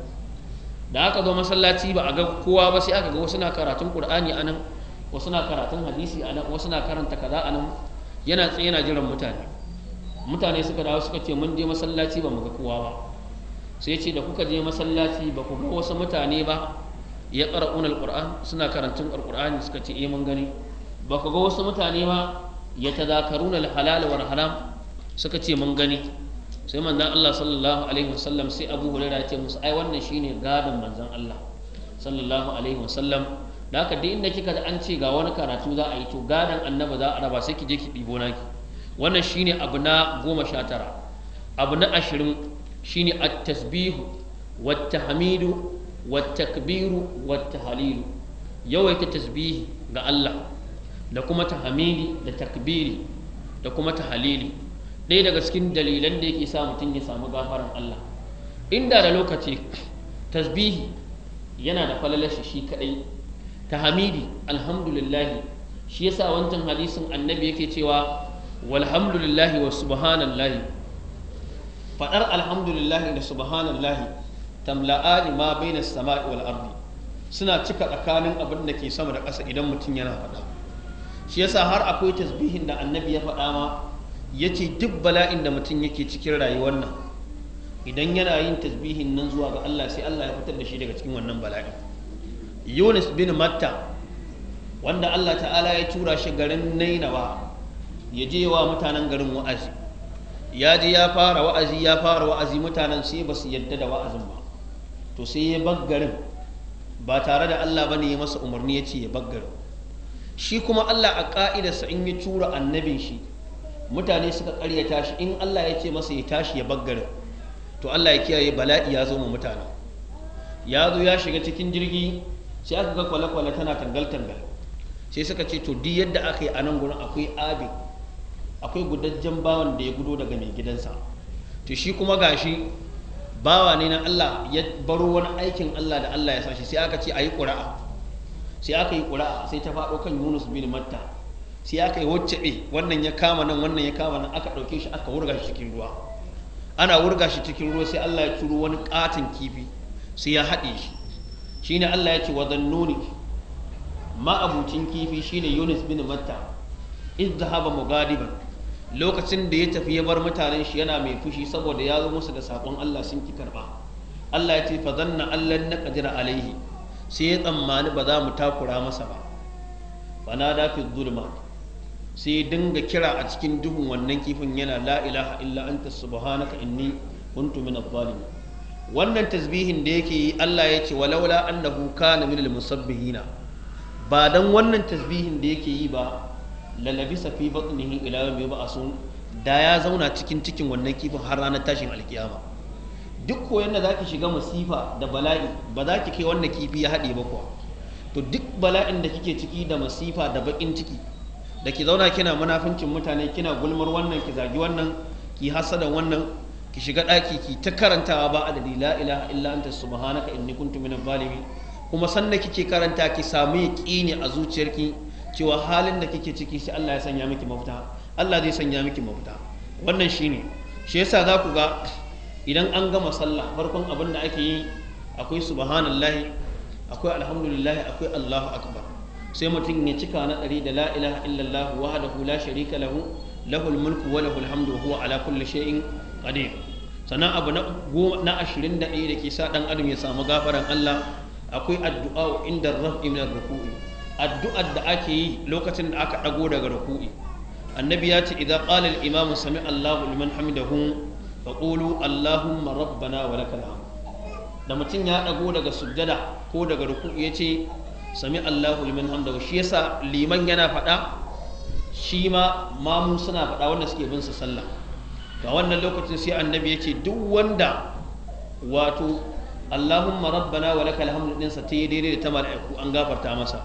da aka zo masallaci ba a ga kowa ba sai aka ga wasu na karatun Qur'ani anan wasu na karatun hadisi anan wasu na karanta kaza anan yana tsaye yana jiran mutane mutane suka dawo suka ce mun je masallaci ba mu ga kowa ba sai ce da kuka je masallaci ba ku ga wasu mutane ba ya ƙara'unar ƙur'an suna karantun alƙur'ani suka ce eh mun gani ba ku ga wasu mutane ba ya tazakaruna al-halal wal haram suka ce mun gani sai manzon Allah sallallahu alaihi wasallam sai Abu Hurairah ya ce musu ai wannan shine gadon manzon Allah sallallahu alaihi wasallam da haka duk inda kika da an ce ga wani karatu za a yi to gadon annaba za a raba sai ki je ki ɗibo naki wannan shine abu na goma sha tara abu na ashirin shine at-tasbihu wat-tahmidu wat-takbiru wat yawaita tasbihi ga Allah da kuma tahmidi da takbiri da kuma tahalili ɗaya daga cikin dalilan da yake sa mutum ya samu gafarar Allah inda da lokaci tasbihi yana da falalashi shi ta tahmidi alhamdulillahi shi yasa wancan hadisin annabi yake cewa walhamdulillahi wa subhanallahi faɗar alhamdulillahi da subhanallahi tamla'ani ma na sama'i wal ardi suna cika tsakanin abin da ke sama da ƙasa idan mutum yana faɗa shi yasa har akwai tasbihin da annabi ya faɗa ma ya ce duk bala'in da mutum yake cikin rayuwar nan idan yana yin tasbihin nan zuwa ga Allah sai Allah ya fitar da shi daga cikin wannan bala'in Yunus bin Matta wanda Allah ta'ala ya tura shi garin Nainawa ya je wa mutanen garin wa'azi ya je ya fara wa'azi ya fara wa'azi mutanen sai ba su yadda da wa'azin ba to sai ya bar garin ba tare da Allah bane ya masa umarni ya ce ya bar garin shi kuma Allah a ƙa'idarsa in ya tura annabin shi mutane suka karyata tashi in Allah ya ce masa ya tashi ya baggara to Allah ya kiyaye bala'i ya zo mu mutane ya zo ya shiga cikin jirgi sai aka ga kwale-kwale tana tangal-tangal sai suka ce to duk yadda aka yi a nan gurin akwai abi akwai gudajjen bawan da ya gudo daga mai gidansa to shi kuma gashi bawa ne na Allah ya baro wani aikin Allah da Allah ya sa shi, sai aka ce a yi ƙura'a sai aka yi ƙura'a sai ta faɗo kan yunus bin matta sai aka yi wacce wannan ya kama nan wannan ya kama nan aka ɗauke shi aka wurga shi cikin ruwa ana wurga shi cikin ruwa sai allah ya turo wani ƙaton kifi sai ya haɗe shi shine allah ya ce wa nuni? ma'abucin kifi shine yunus bin matta zahaba mugadiban lokacin da ya tafi ya bar mutanen shi yana mai fushi saboda ya zo musu da saƙon allah sun ki karɓa allah ya ce fa zanna allan na ƙadira alaihi sai ya tsammani ba za mu takura masa ba fana da fi zulma sai ya dinga kira a cikin duhun wannan kifin yana la ilaha illa anta subhanaka inni kuntu min adh-dhalimin wannan tasbihin da yake yi Allah ya ce walaula annahu kana min al-musabbihina ba dan wannan tasbihin da yake yi ba lalabisa fi batnihi ila yawmi yub'asun da ya zauna cikin cikin wannan kifin har ranar tashin alkiyama duk koyon da zaki shiga masifa da bala'i ba za ki kai wanda kifi ya haɗe ba kuwa to duk bala'in da kike ciki da masifa da baƙin ciki da ki zauna kina munafincin mutane kina gulmar wannan ki zagi wannan ki hasada wannan ki shiga ɗaki ki ta karantawa ba adadi la ilaha illa anta subhanaka inni kuntu minadh zalimin kuma sanda kike karanta ki samu yaqini a zuciyarki cewa halin da kike ciki sai Allah ya sanya miki mafita Allah zai sanya miki mafita wannan shine shi yasa za ku ga idan an gama sallah farkon abin da ake yi akwai subhanallah akwai alhamdulillah akwai allahu akbar sai mutum ya cika na ɗari da la'ilaha illallah. illallah wahdahu la sharika lahu lahul mulku wa lahul hamdu huwa ala kulli shay'in qadir sannan abu na goma na 21 da ke sa dan adam ya samu gafaran Allah akwai addu'a inda rafi min ruku'i addu'ar da ake yi lokacin da aka dago daga ruku'i annabi ya ce idan qala al-imamu sami Allahu liman hamidahu fa qulu allahumma rabbana wa da mutum ya ɗago daga sujjada ko daga ruku yace sami allahu liman hamdahu shi yasa liman yana faɗa shi ma mamu suna faɗa wanda suke bin sallah ga wannan lokacin sai annabi yace duk wanda wato allahumma rabbana wa lakal hamd din sa tayi daidai da ta mala'iku an gafarta masa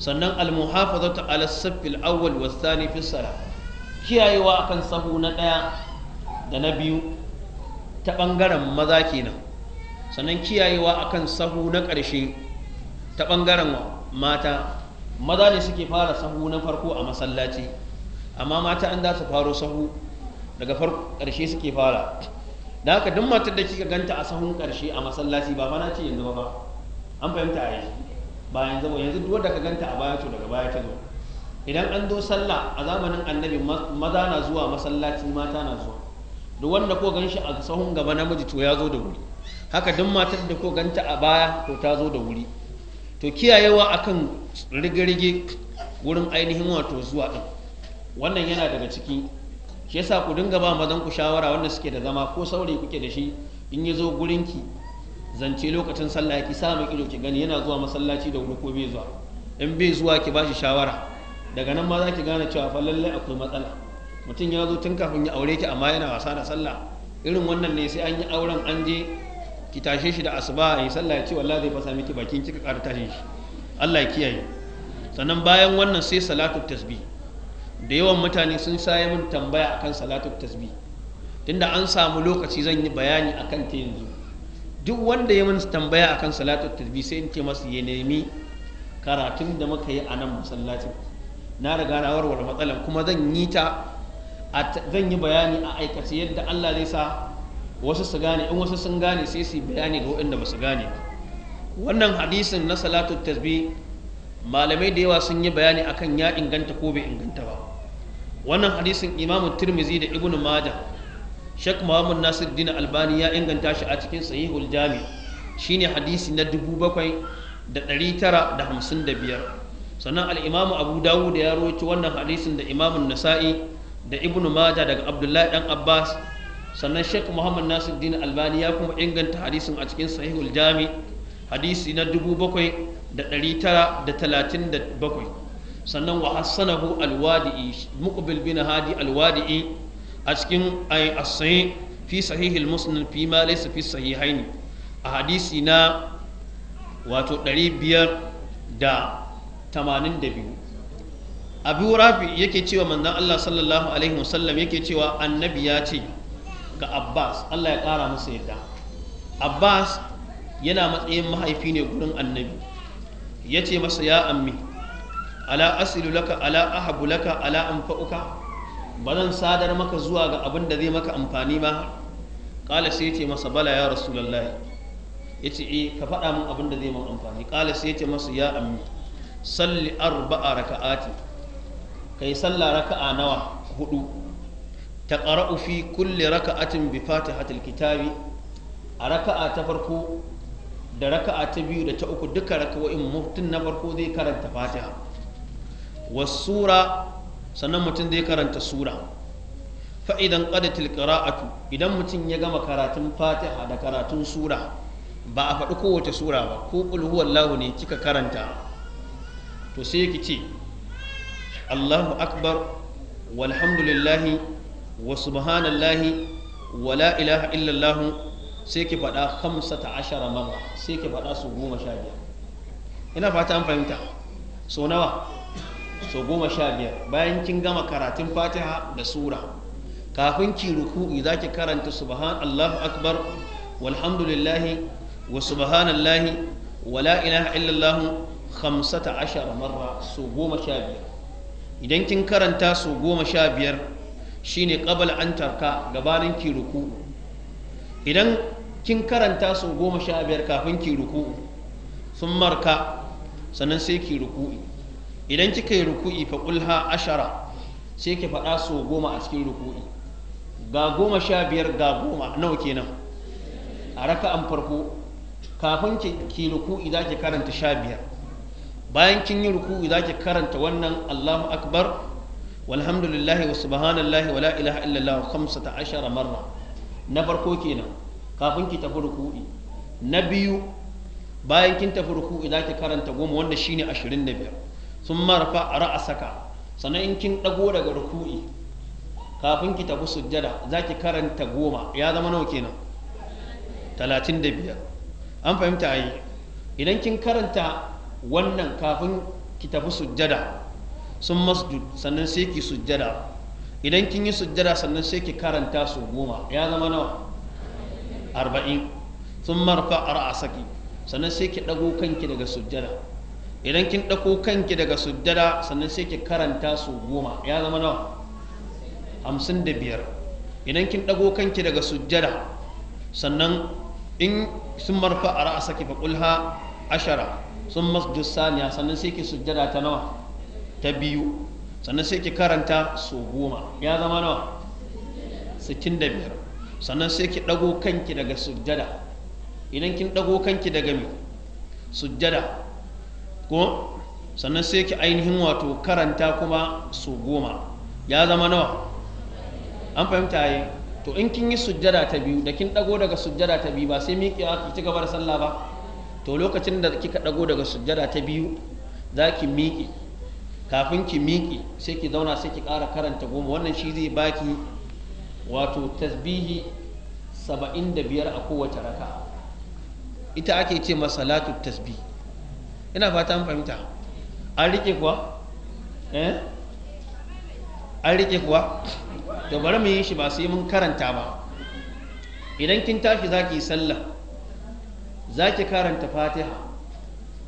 sannan almuhafazatu ala as-saff al-awwal was-thani fi salah kiyayewa akan sahu na daya da na biyu ta ɓangaren maza kenan sannan kiyayewa akan sahu na ƙarshe ta ɓangaren mata maza ne suke fara sahu na farko a masallaci amma mata an za su faro sahu daga ƙarshe suke fara da haka duk matar da kika ganta a sahun ƙarshe a masallaci ba na ce yanzu ba an fahimta a yanzu ba yanzu ba yanzu duk ka ganta a baya to daga baya ta zo idan an zo sallah a zamanin annabi maza na zuwa masallaci mata na zuwa duk wanda ko gan shi a sahun gaba namiji to ya zo da wuri haka duk matar da ko ganta a baya to ta zo da wuri to kiyayewa akan rige-rige wurin ainihin wato zuwa din wannan yana daga ciki shi yasa ku dinga ba mazan ku shawara wanda suke da zama ko saurayi kuke da shi in ya zo gurinki zance lokacin sallah ya ki sa ido ki gani yana zuwa masallaci da wuri ko bai zuwa in bai zuwa ki ba shi shawara daga nan ma za ki gane cewa fa lallai akwai matsala mutum ya zo tun kafin ya aure ki amma yana wasa da sallah irin wannan ne sai an yi auren an je ki tashe shi da asuba yi sallah ya ce wallahi zai fasa miki bakin kika kara tashe shi Allah ya kiyaye sannan bayan wannan sai salatu tasbi da yawan mutane sun saye min tambaya akan salatu tasbi tunda an samu lokaci zan yi bayani akan ta yanzu duk wanda ya min tambaya akan salatu tasbi sai in ce masu ya nemi karatun da muka yi a nan masallacin na riga na warware matsalar kuma zan yi ta zan yi bayani a aikace yadda Allah zai sa wasu su gane in wasu sun gane sai su bayani ga waɗanda ba su gane wannan hadisin na salatu tasbi malamai da yawa sun yi bayani akan ya inganta ko bai inganta ba wannan hadisin imamu tirmizi da ibnu majah shek muhammad nasir din albani ya inganta shi a cikin sahihul jami shine hadisi na da da da tara hamsin biyar sannan al-imamu abu dawud ya roci wannan hadisin da imamun nasa'i da ibnu maja daga abdullahi dan abbas sannan sheikh muhammad nasir din albani ya kuma inganta hadisin a cikin sahihul jami hadisi na 7937 sannan wa hassanahu alwadi'i muqbil bin hadi alwadi'i a cikin ay as-sahih fi sahihil muslim fi ma laysa fi sahihain a hadisi na wato 582 abu rafi yake cewa manzon Allah sallallahu alaihi wasallam yake cewa annabi ya ce ga Abbas Allah ya ƙara masa yadda Abbas yana matsayin mahaifi ne gurin annabi ya ce masa ya ammi ala asilu laka ala ahabu laka ala anfa'uka ba zan sadar maka zuwa ga abin da zai maka amfani ba kala sai ya ce masa bala ya rasulullahi ya ce eh ka faɗa min abin da zai min amfani kala sai ya ce masa ya ammi salli arba'a raka'ati kai sallah raka'a nawa hudu ta ƙara'u fi kulle raka'atin bi fatihatul kitabi a raka'a ta farko da raka'a ta biyu da ta uku duka raka'o'in mutum na farko zai karanta fatiha wasura sannan mutum zai karanta sura fa'idan a tu idan mutum ya gama karatun fatiha da karatun sura ba a faɗi kowace sura ba ko ƙulhuwallahu ne kika karanta to sai ki ce Allahu akbar walhamdulillahi wa subhanallahi ilaha illallah sai ki faɗa hamsata ashara marra sai ki faɗa su goma sha biyar ina fata an fahimta so nawa so sha biyar bayan kin gama karatun fatiha da sura kafin ki ruku'i za ki karanta subhan Allahu akbar walhamdulillahi wa ilaha ashara sha biyar idan kin karanta su goma sha biyar shine qabal an tarka gabanin ki ruku idan kin karanta su goma sha biyar kafin ki ruku sun marka sannan sai ki ruku'i idan kika yi ruku'i fa kulha ashara sai ki faɗa su goma a cikin ruku'i ga goma sha biyar ga goma nawa kenan a an farko kafin ki ruku'i za ki karanta sha biyar bayan kin yi ruku'u zaki karanta wannan Allahu akbar walhamdulillahi wa subhanallahi wa la ilaha illallah 15 marra na farko kenan kafin ki tafi ruku'i na biyu bayan kin tafi ruku'i zaki karanta goma wanda shine 25 sun marfa ra'asaka sannan in kin dago daga ruku'i kafin ki tafi sujjada zaki karanta goma ya zama nawa kenan 35 an fahimta yi idan kin karanta wannan kafin ki tafi sujjada sun masjud sannan sai ki sujjada idan kin yi sujjada sannan sai ki karanta su goma ya zama nawa arba'in sun marfa ra'asaki sannan sai ki ɗago kanki daga sujjada idan kin ɗago kanki daga sujjada sannan sai ki karanta su goma ya zama nawa hamsin da biyar idan kin ɗago kanki daga sujjada sannan in sun marfa a ra'asaki fa ƙulha ashara sun masjid saniya sannan sai ki sujjada ta nawa ta biyu sannan sai ki karanta su goma ya zama nawa 65 da biyar sannan sai ki ɗago kanki daga sujjada idan kin ɗago kanki daga mi sujjada ko sannan sai ki ainihin wato karanta kuma su goma ya zama nawa an fahimta yi to in kin yi sujjada ta biyu da kin ɗago daga sujjada ta biyu ba sai miƙewa ki ci gaba da sallah ba to lokacin da kika dago daga sujjada ta biyu za ki miƙe kafin ki miƙe sai ki zauna sai ki ƙara karanta goma wannan shi zai baki wato tasbihi saba'in da biyar a kowace raka ita ake ce masalatu tasbi ina fata an fahimta an riƙe kuwa eh an riƙe kuwa to bari mu yi shi ba sai mun karanta ba idan kin tashi za ki yi sallah za ki karanta fatiha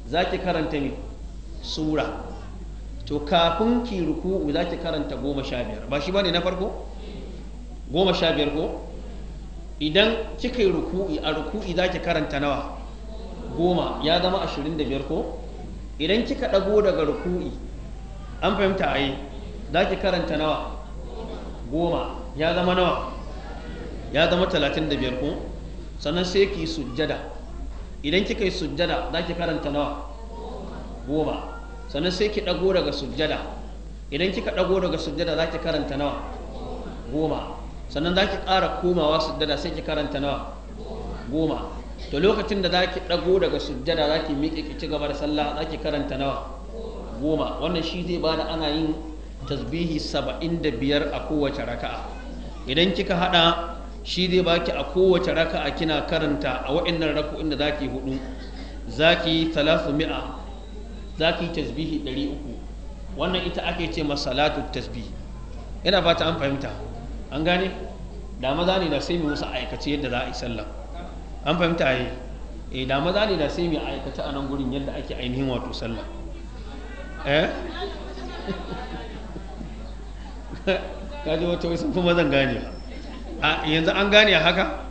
za ki karanta ne sura to kafin ki ruku'u za ki karanta goma sha biyar ba shi ba ne na farko goma sha biyar ko idan kika yi ruku'i a ruku'i za ki karanta nawa goma ya zama ashirin da biyar ko idan kika ɗago daga ruku'i an fahimta a yi za ki karanta nawa goma ya zama nawa ya zama talatin da biyar ko sannan sai ki sujjada idan kika yi sujjada za ki karanta nawa goma sannan sai ki ɗago daga sujjada idan kika ɗago daga sujjada za ki karanta nawa goma sannan za ki ƙara komawa sujjada sai ki karanta nawa goma to lokacin da za ki ɗago daga sujjada za ki miƙe ki ci gaba da sallah za ki karanta nawa goma wannan shi zai ba da ana yin tasbihi saba'in da biyar a kowace raka'a idan kika haɗa shi zai baki a kowace a kina karanta a wa'annan inda da zaki hudu zaki talafu mi'a zaki tasbihi uku wannan ita ake ce masalatu tasbihi ina fata an fahimta an gane da maza ne da sai mu musu aikace yadda za a yi sallah an fahimta yi eh da maza ne da sai mu aikata a nan gurin yadda ake ainihin wato sallah eh kaji wata wasu fi mazan gane ba a yanzu an gane haka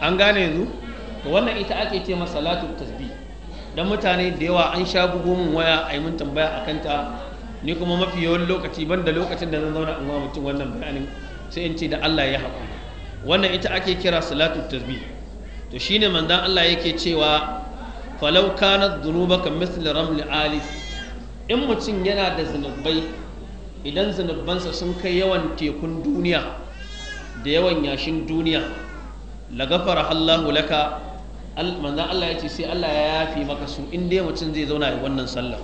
an gane yanzu to wannan ita ake ce masa salatu tasbih dan mutane da yawa an sha bugo waya a yi mun tambaya a kanta ni kuma mafi yawan lokaci ban da lokacin da zan zauna in wa mutum wannan bayanin sai in ce da Allah ya haƙuri wannan ita ake kira salatu tasbih to shine manzon Allah yake cewa falau kanat dhunubaka misli raml alif in mutum yana da zunubai idan zunubansa sun kai yawan tekun duniya da yawan yashin duniya la gafara laka Allah ya ce sai Allah ya yafi maka su in dai mutum zai zauna a wannan sallah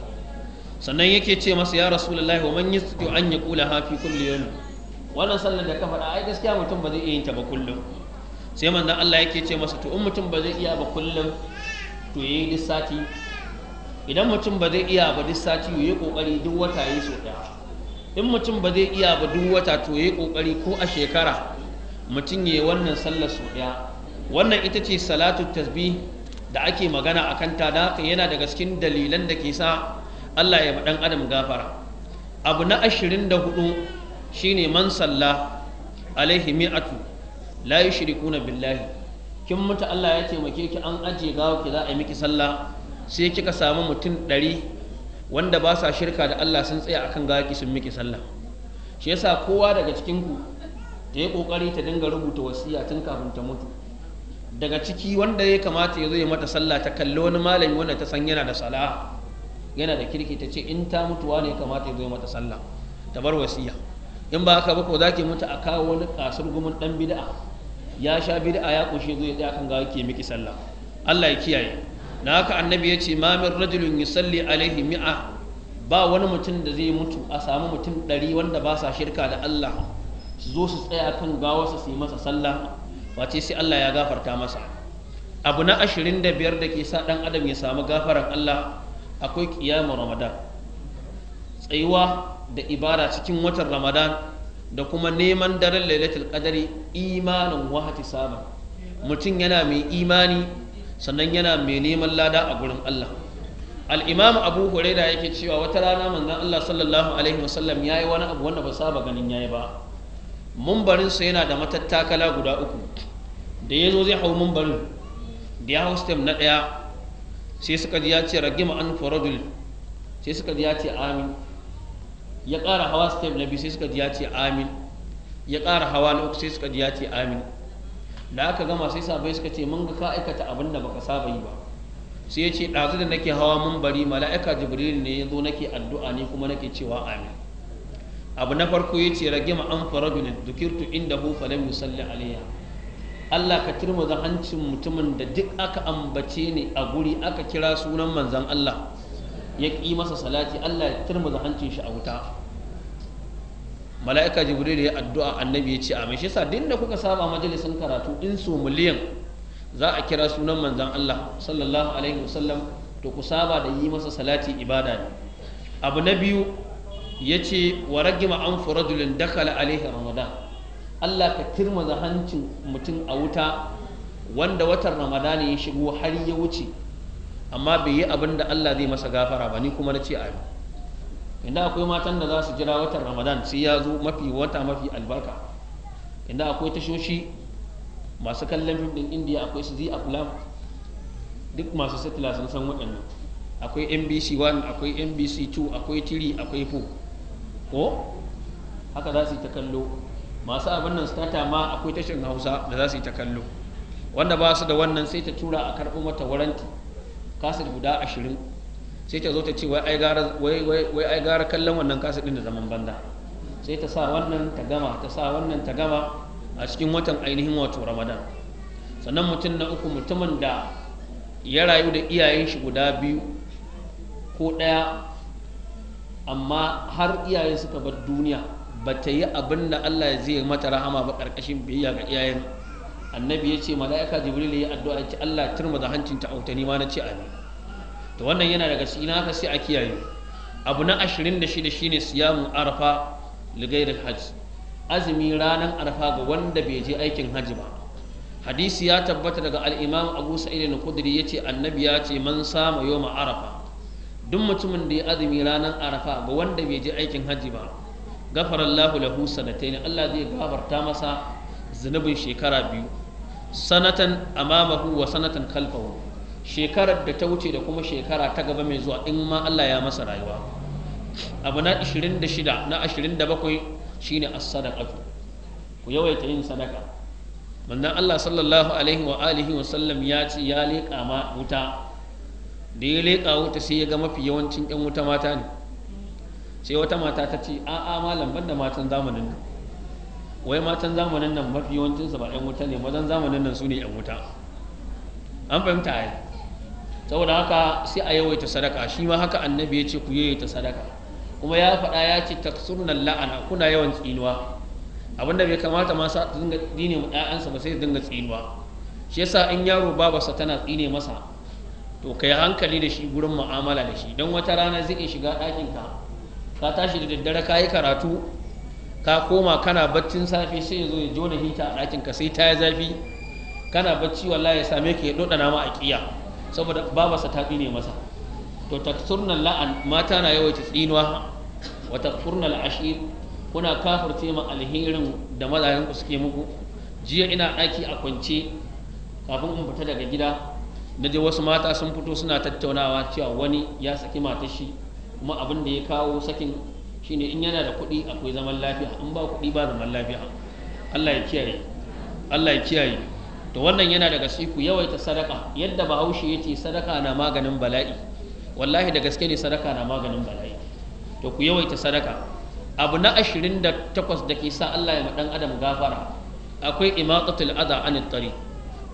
sannan yake ce masa ya rasulullahi wa man yastati an yaqula ha fi kulli yawm wannan sallar da ka faɗa ai gaskiya mutum ba zai iya yin ba kullum sai Allah yake ce masa to in mutum ba zai iya ba kullum to yayi duk sati idan mutum ba zai iya ba duk sati yayi kokari duk wata yayi so daya in mutum ba zai iya ba duk wata to yayi kokari ko a shekara mutum ya wannan sallar su ɗaya wannan ita ce salatu tasbi da ake magana a kanta da haka yana daga cikin dalilan da ke sa Allah ya ɗan adam gafara abu na ashirin da hudu shine man salla alaihi mi'atu la na billahi kin mutu Allah ya taimake ki an ajiye gawa ki za a yi miki sallah sai kika samu mutum ɗari wanda ba sa shirka da Allah sun tsaya akan gawa ki sun miki sallah shi yasa kowa daga cikin ku da ya kokari ta dinga rubuta wasiya tun kafin ta mutu daga ciki wanda ya kamata ya zo ya mata sallah ta kalli wani malami wanda ta san yana da sala yana da kirki ta ce in ta mutuwa ne ya kamata ya zo ya mata sallah ta bar wasiya in ba haka ba ko zaki mutu a kawo wani kasar gumin dan bid'a ya sha bid'a ya kushe zo ya tsaya kan ga ke miki sallah Allah ya kiyaye na haka annabi ya ce ma min rajulun yusalli alaihi mi'a ba wani mutum da zai mutu a samu mutum ɗari wanda ba sa shirka da Allah su zo su tsaya kan gawarsa su yi masa sallah face sai Allah ya gafarta masa abu na ashirin da biyar da ke sa dan adam ya samu gafaran Allah akwai ƙiyama ramadan tsayuwa da ibada cikin watan ramadan da kuma neman daren lailatul qadari imanin wahati sama mutum yana mai imani sannan yana mai neman lada a gurin Allah al-imam abu huraira yake cewa wata rana manzon Allah sallallahu alaihi wasallam yayi wani abu wanda ba saba ganin yayi ba mumbarinsa yana da matattakala guda uku da ya zo zai hau mumbarin da ya hau stem na ɗaya sai suka ji ya ce ragima an faradul sai suka ji ya ce amin ya ƙara hawa stem na biyu sai suka ji ya ce amin ya ƙara hawa na uku sai suka ji ya ce amin da aka gama sai sabai suka ce mun ga ka aikata abin da baka saba yi ba sai ya ce ɗazu da nake hawa mumbari mala'ika jibril ne ya zo nake addu'a ne kuma nake cewa amin abu na farko ya ce ragima an faradun dukirtu inda hu falam yusalli alayya Allah ka turmuza hancin mutumin da duk aka ambace ne a guri aka kira sunan manzan Allah ya ƙi masa salati Allah ya turmuza hancin shi a wuta mala'ika jibril ya addu'a annabi ya ce a shi yasa din da kuka saba majalisin karatu in so miliyan za a kira sunan manzan Allah sallallahu alaihi wasallam to ku saba da yi masa salati ibada ne abu na biyu ya ce wa ragima an furadulin dakala alaihi ramadan Allah ka tirmaza hancin mutum a wuta wanda watan ramadan ya shigo har ya wuce amma bai yi abin da Allah zai masa gafara ba ni kuma na ce ayo inda akwai matan da za su jira watan ramadan sai ya zo mafi wata mafi albarka inda akwai tashoshi masu kallon fim din indiya akwai su zai aflam duk masu satila sun san waɗannan akwai nbc 1 akwai nbc 2 akwai 3 akwai 4 ko haka za su yi ta kallo masu abin nan stata ma akwai tashin hausa da za su yi ta kallo wanda ba su da wannan sai ta tura a karɓo mata waranti kasar guda ashirin sai ta zo ta ce wai ai gara kallon wannan kasar ɗin da zaman banda sai ta sa wannan ta gama ta sa wannan ta gama a cikin watan ainihin wato ramadan sannan mutum na uku mutumin da ya rayu da iyayen shi guda biyu ko ɗaya amma har iyaye suka bar duniya ba ta yi abin da Allah zai mata rahama ba ƙarƙashin biyayya ga iyayen annabi ya ce mala'ika jibril ya addu'a ce Allah turma da hancin ta autani ma na ce amin to wannan yana daga cikin haka sai a kiyaye abu na 26 shine siyamun arfa ligair hajj azumi ranar arfa ga wanda bai je aikin hajji ba hadisi ya tabbata daga al-imam abu sa'id al-khudri yace annabi ya ce man sama yawma arafa. duk mutumin da ya azumi ranar arafa ga wanda bai je aikin hajji ba gafarallahu lahu sanatayn Allah zai gafarta masa zunubin shekara biyu sanatan amamahu wa sanatan kalfahu shekarar da ta wuce da kuma shekara ta gaba mai zuwa in ma Allah ya masa rayuwa abu na 26 na 27 shine as-sadaqatu ku yawaita yin sadaka manzon Allah sallallahu alaihi wa alihi wa sallam ya ce ya leƙa ma wuta da ya leƙa wuta sai ya ga mafi yawancin 'yan wuta mata ne sai wata mata ta ce a'a malam banda matan zamanin nan wai matan zamanin nan mafi yawancinsu ba 'yan wuta ne mazan zamanin nan su ne 'yan wuta an fahimta ai saboda haka sai a yawaita sadaka shi ma haka annabi ya ce ku yawaita sadaka kuma ya faɗa ya ce taksurna la'ana kuna yawan tsinuwa abinda bai kamata ma sa dinga dine mu ɗayansa ba sai dinga tsinuwa shi yasa in yaro babarsa tana tsine masa to kai hankali da shi gurin mu'amala da shi don wata rana zai shiga ɗakinka ka tashi da daddare ka yi karatu ka koma kana baccin safe sai ya zo ya jona hita a ɗakinka sai ta yi zafi kana bacci wallahi ya same ka ya ɗoɗana ma a ƙiya saboda babarsa ta ne masa to taksurna la'an mata na yawaita tsinuwa wa taksurna ashir kuna kafirce ma alherin da mazajen ku suke muku jiya ina ɗaki a kwance kafin in fita daga gida na je wasu mata sun fito suna tattaunawa cewa wani ya saki matar shi kuma abin da ya kawo sakin shine in yana da kuɗi akwai zaman lafiya in ba kuɗi ba zaman lafiya Allah ya kiyaye Allah ya kiyaye to wannan yana daga siku yawaita sadaka yadda bahaushe ya ce sadaka na maganin bala'i wallahi da gaske ne sadaka na maganin bala'i to ku yawaita sadaka abu na ashirin da takwas da ke sa Allah ya ma ɗan adam gafara akwai imatatul adha anit tariq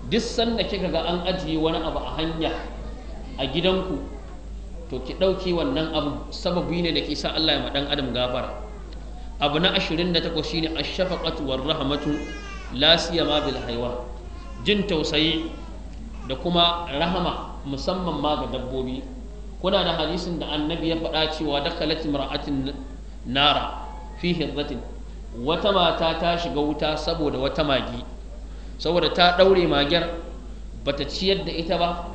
duk sanda kika ga an ajiye wani abu a hanya a gidanku to ki ɗauki wannan abu sababi ne da ke sa Allah ya ma ɗan adam gafara abu na ashirin da 28 shine ashafaqatu war rahmatu la siyama bil haywa jin tausayi da kuma rahama musamman ma ga dabbobi kuna da hadisin da annabi ya faɗa cewa dakalat mar'atin nara fi hirratin wata mata ta shiga wuta saboda wata magi saboda ta ɗaure ba ta ciyar da ita ba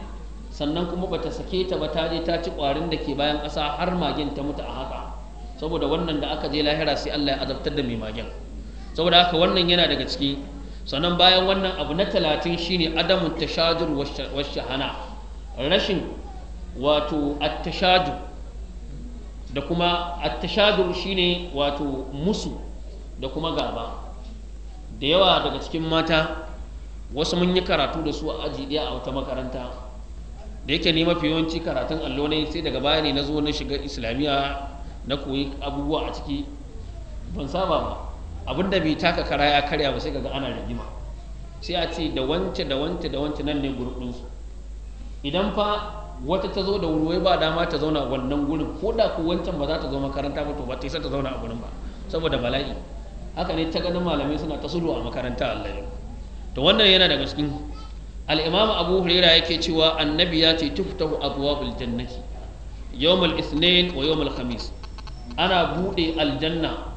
sannan kuma ba ta sake ta ba ta je ta ci ƙwarin da ke bayan ƙasa har magin ta mutu a haka saboda wannan da aka je lahira sai Allah ya azabtar da mai magin saboda haka wannan yana daga ciki sannan bayan wannan abu na talatin shine adamu tashajur washahana rashin wato attashajur da kuma attashajur shine wato musu da kuma gaba da yawa daga cikin mata wasu mun yi karatu da su a aji ɗaya a wata makaranta da yake ne mafi yawanci karatun allo ne sai daga baya ne na zo na shiga islamiyya na koyi abubuwa a ciki ban saba ba abinda bai taka kara ya karya ba sai kaga ana rigima sai a ce da wance da wance da wance nan ne gurbinsu idan fa wata ta zo da wuri wai ba dama ta zauna wannan gurin ko da ku wancan ba za ta zo makaranta ba to ba ta isa ta zauna a gurin ba saboda bala'i haka ne ta ganin malamai suna ta sulu a makaranta Allah to wannan yana daga cikin al abu huraira yake cewa annabi ya ce tuftahu abwabul jannati yawmul ithnain wa yawmul khamis ana bude aljanna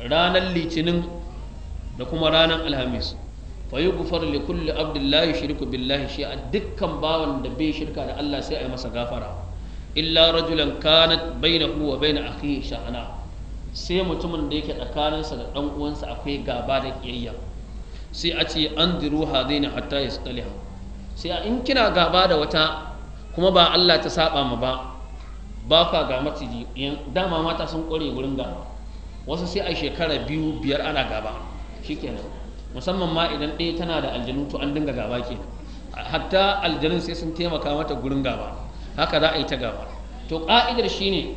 ranar litinin da kuma ranar alhamis fa yi gufar li kulli abdullahi shirku billahi shi a dukkan bawan da bai shirka da Allah sai a yi masa gafara illa rajulan kanat bainahu wa baina akhihi sha'ana sai mutumin da yake tsakaninsa da dan uwansa akwai gaba da kiyayya sai a ce an diru hadaini hatta yastaliha sai a in kina gaba da wata kuma ba Allah ta saba ma ba ba ka ga maciji dama mata sun kware wurin gaba wasu sai a shekara biyu biyar ana gaba shikenan musamman ma idan ɗaya tana da aljanu to an dinga gaba ke hatta aljanun sai sun taimaka mata gurin gaba haka za a yi ta gaba to shi shine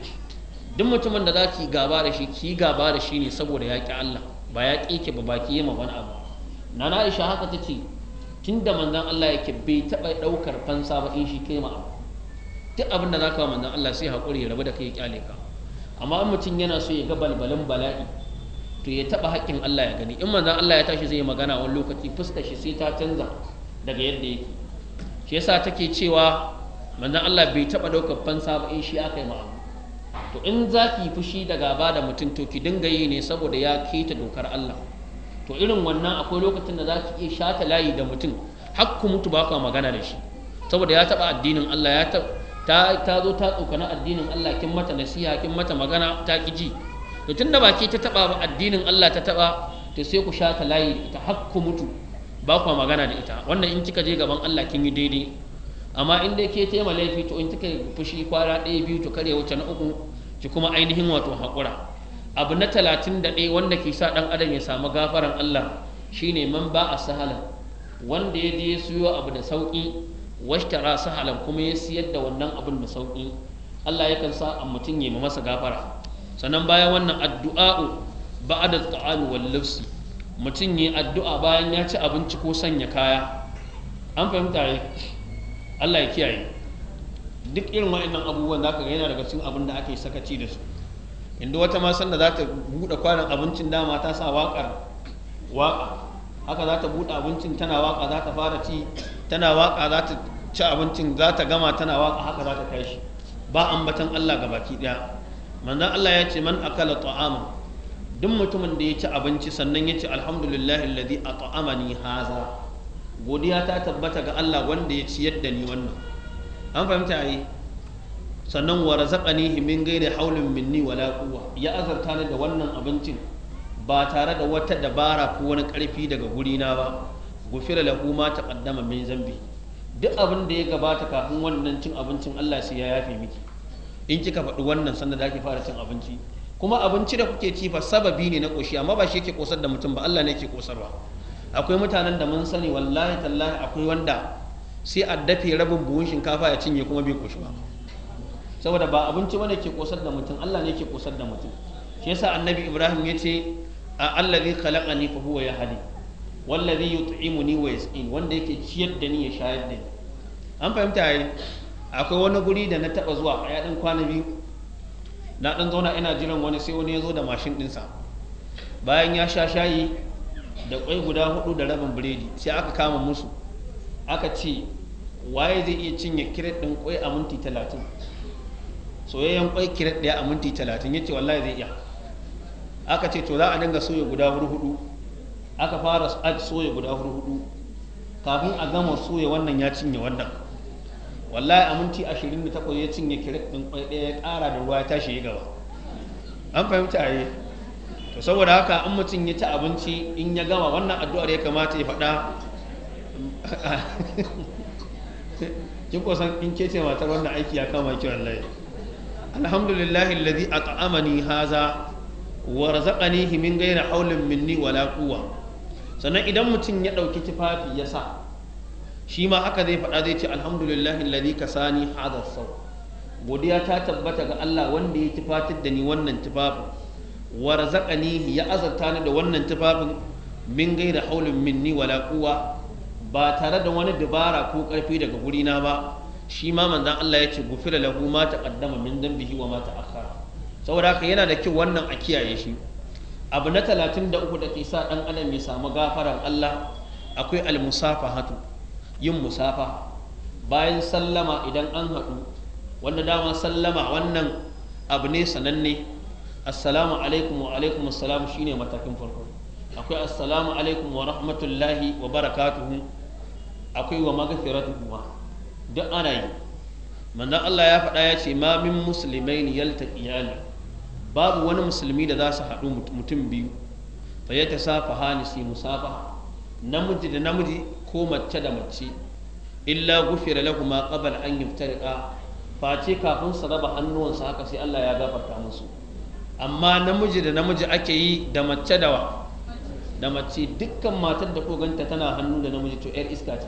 duk mutumin da za ki gaba da shi ki gaba da shi ne saboda ya ƙi Allah ba ya ƙi ki ba ba ki yi ma wani abu na Aisha haka ta ce tunda manzan Allah yake bai taɓa ɗaukar fansa ba in shi kai ma abu duk abin da ka manzan Allah sai haƙuri ya rabu da kai ƙyale ka amma in mutum yana so ya ga balbalin bala'i to ya taɓa haƙƙin Allah ya gani in manzan Allah ya tashi zai magana wani lokaci fuskar shi sai ta canza daga yadda yake shi yasa take cewa manzan Allah bai taɓa ɗaukar fansa ba in shi aka yi ma abu to in za ki fushi daga gaba da mutum to ki dinga yi ne saboda ya keta dokar Allah to irin wannan akwai lokacin da za ki iya shata layi da mutum hakku mutu ba magana da shi saboda ya taɓa addinin Allah ya ta ta zo ta tsokana addinin Allah kin mata nasiha kin mata magana ta kiji to tunda da baki ta taɓa addinin Allah ta taba to sai ku shata layi da ita hakku mutu ba kwa magana da ita wannan in kika je gaban Allah kin yi daidai amma in dai ke tema laifi to in kika fushi kwara ɗaya biyu to kare wata na uku ki kuma ainihin wato haƙura abu na talatin da ɗaya wanda ke sa ɗan adam ya samu gafaran Allah shine man ba a sahala wanda ya je ya siyo abu da sauƙi washtara sahalan kuma ya siyar da wannan abin da sauƙi Allah ya kan sa a mutum ya yi masa gafara sannan bayan wannan addu'a'u da ta'alu wal lifsi mutum yi addu'a bayan ya ci abinci ko sanya kaya an fahimta ya Allah ya kiyaye duk irin wa'annan abubuwan zaka ga yana daga cikin abin da ake sakaci da su inda wata ma sanda za ta buɗe kwanan abincin dama ta sa waƙar waƙa haka za ta buɗe abincin tana waƙa za ta fara ci tana waƙa za ta ci abincin za ta gama tana waƙa haka za ta tashi ba ambatan Allah ga baki ɗaya manzon Allah ya ce man akala ta'ama duk mutumin da ya ci abinci sannan ya ce alhamdulillah alladhi at'amani haza godiya ta tabbata ga Allah wanda ya ciyar da ni wannan an fahimta yi sannan wa razaqanihi min ghairi haulin minni wala quwwa ya azarta ni da wannan abincin ba tare da wata dabara ko wani karfi daga gurina ba gufira lahu ma taqaddama min zambi duk abin da ya gabata kafin wannan cin abincin Allah sai ya yafe miki in kika faɗi wannan sannan da ake fara cin abinci kuma abinci da kuke ci fa sababi ne na koshi amma ba shi yake kosar da mutum ba Allah ne yake kosarwa akwai mutanen da mun sani wallahi tallahi akwai wanda sai a dafe rabin buhun shinkafa ya cinye kuma bai koshi ba saboda ba abinci bane ke kosar da mutum Allah ne ke kosar da mutum shi yasa annabi Ibrahim ya ce a allazi khalaqani fa huwa yahdi wallazi yut'imuni wa yasqin wanda yake ciyar da ni ya shayar da ni an fahimta yayi akwai wani guri da na taba zuwa a yadin kwana biyu na dan zauna ina jiran wani sai wani ya zo da mashin dinsa bayan ya sha shayi da kwai guda hudu da rabin biredi sai aka kama musu aka ce waye zai iya cinye kiret din kwai a minti talatin soyayyen kwai kiret daya a minti talatin yace wallahi zai iya aka ce to za a dinga soya guda hudu aka fara soya guda hudu kafin a gama soya wannan ya cinye wannan wallahi a minti 28 ya cinye kiret din kwai daya ya kara da ruwa ya tashi ya gaba an fahimta yi to saboda haka an mutum ya ci abinci in ya gama wannan addu'ar ya kamata ya faɗa kin kusan in ke ce matar wannan aiki ya kama ki wallahi alhamdulillahi alladhi at'amani haza wa razaqanihi min ghairi hawlin minni wala quwwa sannan idan mutum ya dauki tufafi ya sa shi ma aka zai faɗa zai ce alhamdulillahi alladhi kasani hadha saw godiya ta tabbata ga Allah wanda ya tufatar da ni wannan tufafin wa ne ya azarta ni da wannan tufafin min ghairi hawlin minni wala quwwa ba tare da wani dabara ko karfi daga gurina ba shi ma manzon Allah ya ce gufira lahu ma ta taqaddama min dambihi wa ma ta ta'akhkhara saboda haka yana da kyau wannan a kiyaye shi abu na 33 da ke sa dan adam ya samu gafaran Allah akwai almusafahatu yin musafa bayan sallama idan an haɗu wanda dama sallama wannan abu ne sananne assalamu alaikum wa alaikum assalam shine matakin farko akwai assalamu alaikum wa rahmatullahi wa barakatuhu akwai wa maghfiratuhu duk ana yi manzon Allah ya faɗa ya ce ma min yalta iyali babu wani musulmi da za su haɗu mutum biyu fa ya tasafa halisi musafa namiji da namiji ko mace da mace illa gufira lahuma qabla an fa face kafin su raba hannuwansu haka sai Allah ya gafarta musu amma namiji da namiji ake yi da mace da wa da mace dukkan matar da ko ganta tana hannu da namiji to yar iska ce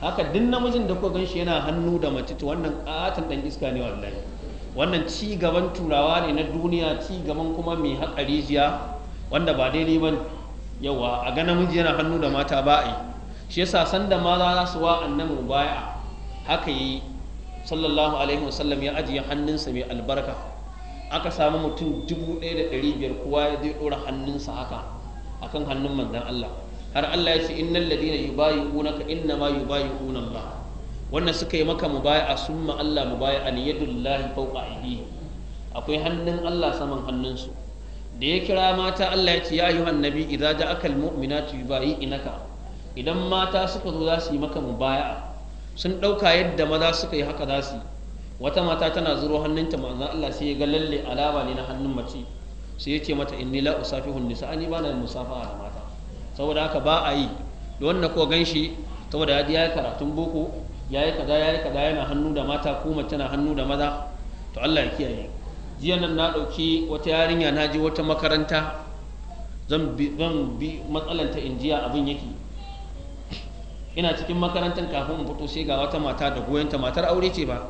haka duk namijin da kuka ganshi yana hannu da mace to wannan katin dan iska ne wallahi wannan ci gaban turawa ne na duniya ci gaban kuma mai hakari jiya wanda ba daidai ba yawa a ga namiji yana hannu da mata ba a yi shi yasa sanda maza za su wa annabi baya haka yi sallallahu alaihi wasallam ya ajiye hannunsa mai albarka aka samu mutum dubu ɗaya da ɗari biyar kowa ya zai ɗora hannunsa haka akan hannun manzon Allah har Allah ya ce innal ladina yubayyi'unaka innama yubayyi'una Allah wannan suka yi maka mubaya'a summa Allah mubaya'an yadullahi fawqa aydihim akwai hannun Allah saman hannunsu da ya kira mata Allah ya ce ya ayyuhan nabi idza ja'aka almu'minatu yubayyi'unaka idan mata suka zo za su yi maka mubaya'a sun dauka yadda maza suka yi haka za su yi wata mata tana zuro hannunta manzon Allah sai ya ga lalle alama ne na hannun mace sai ya ce mata inni la usafihu nisa ani bana musafaha da mata saboda haka ba a yi da wannan ko gan shi saboda ya ya yi karatun boko ya yi kaza ya yi kaza yana hannu da mata ko mace na hannu da maza to Allah ya kiyaye jiya nan na ɗauki wata yarinya na je wata makaranta zan bi matsalan ta injiya abin yake ina cikin makarantar kafin in fito sai ga wata mata da goyonta matar aure ce ba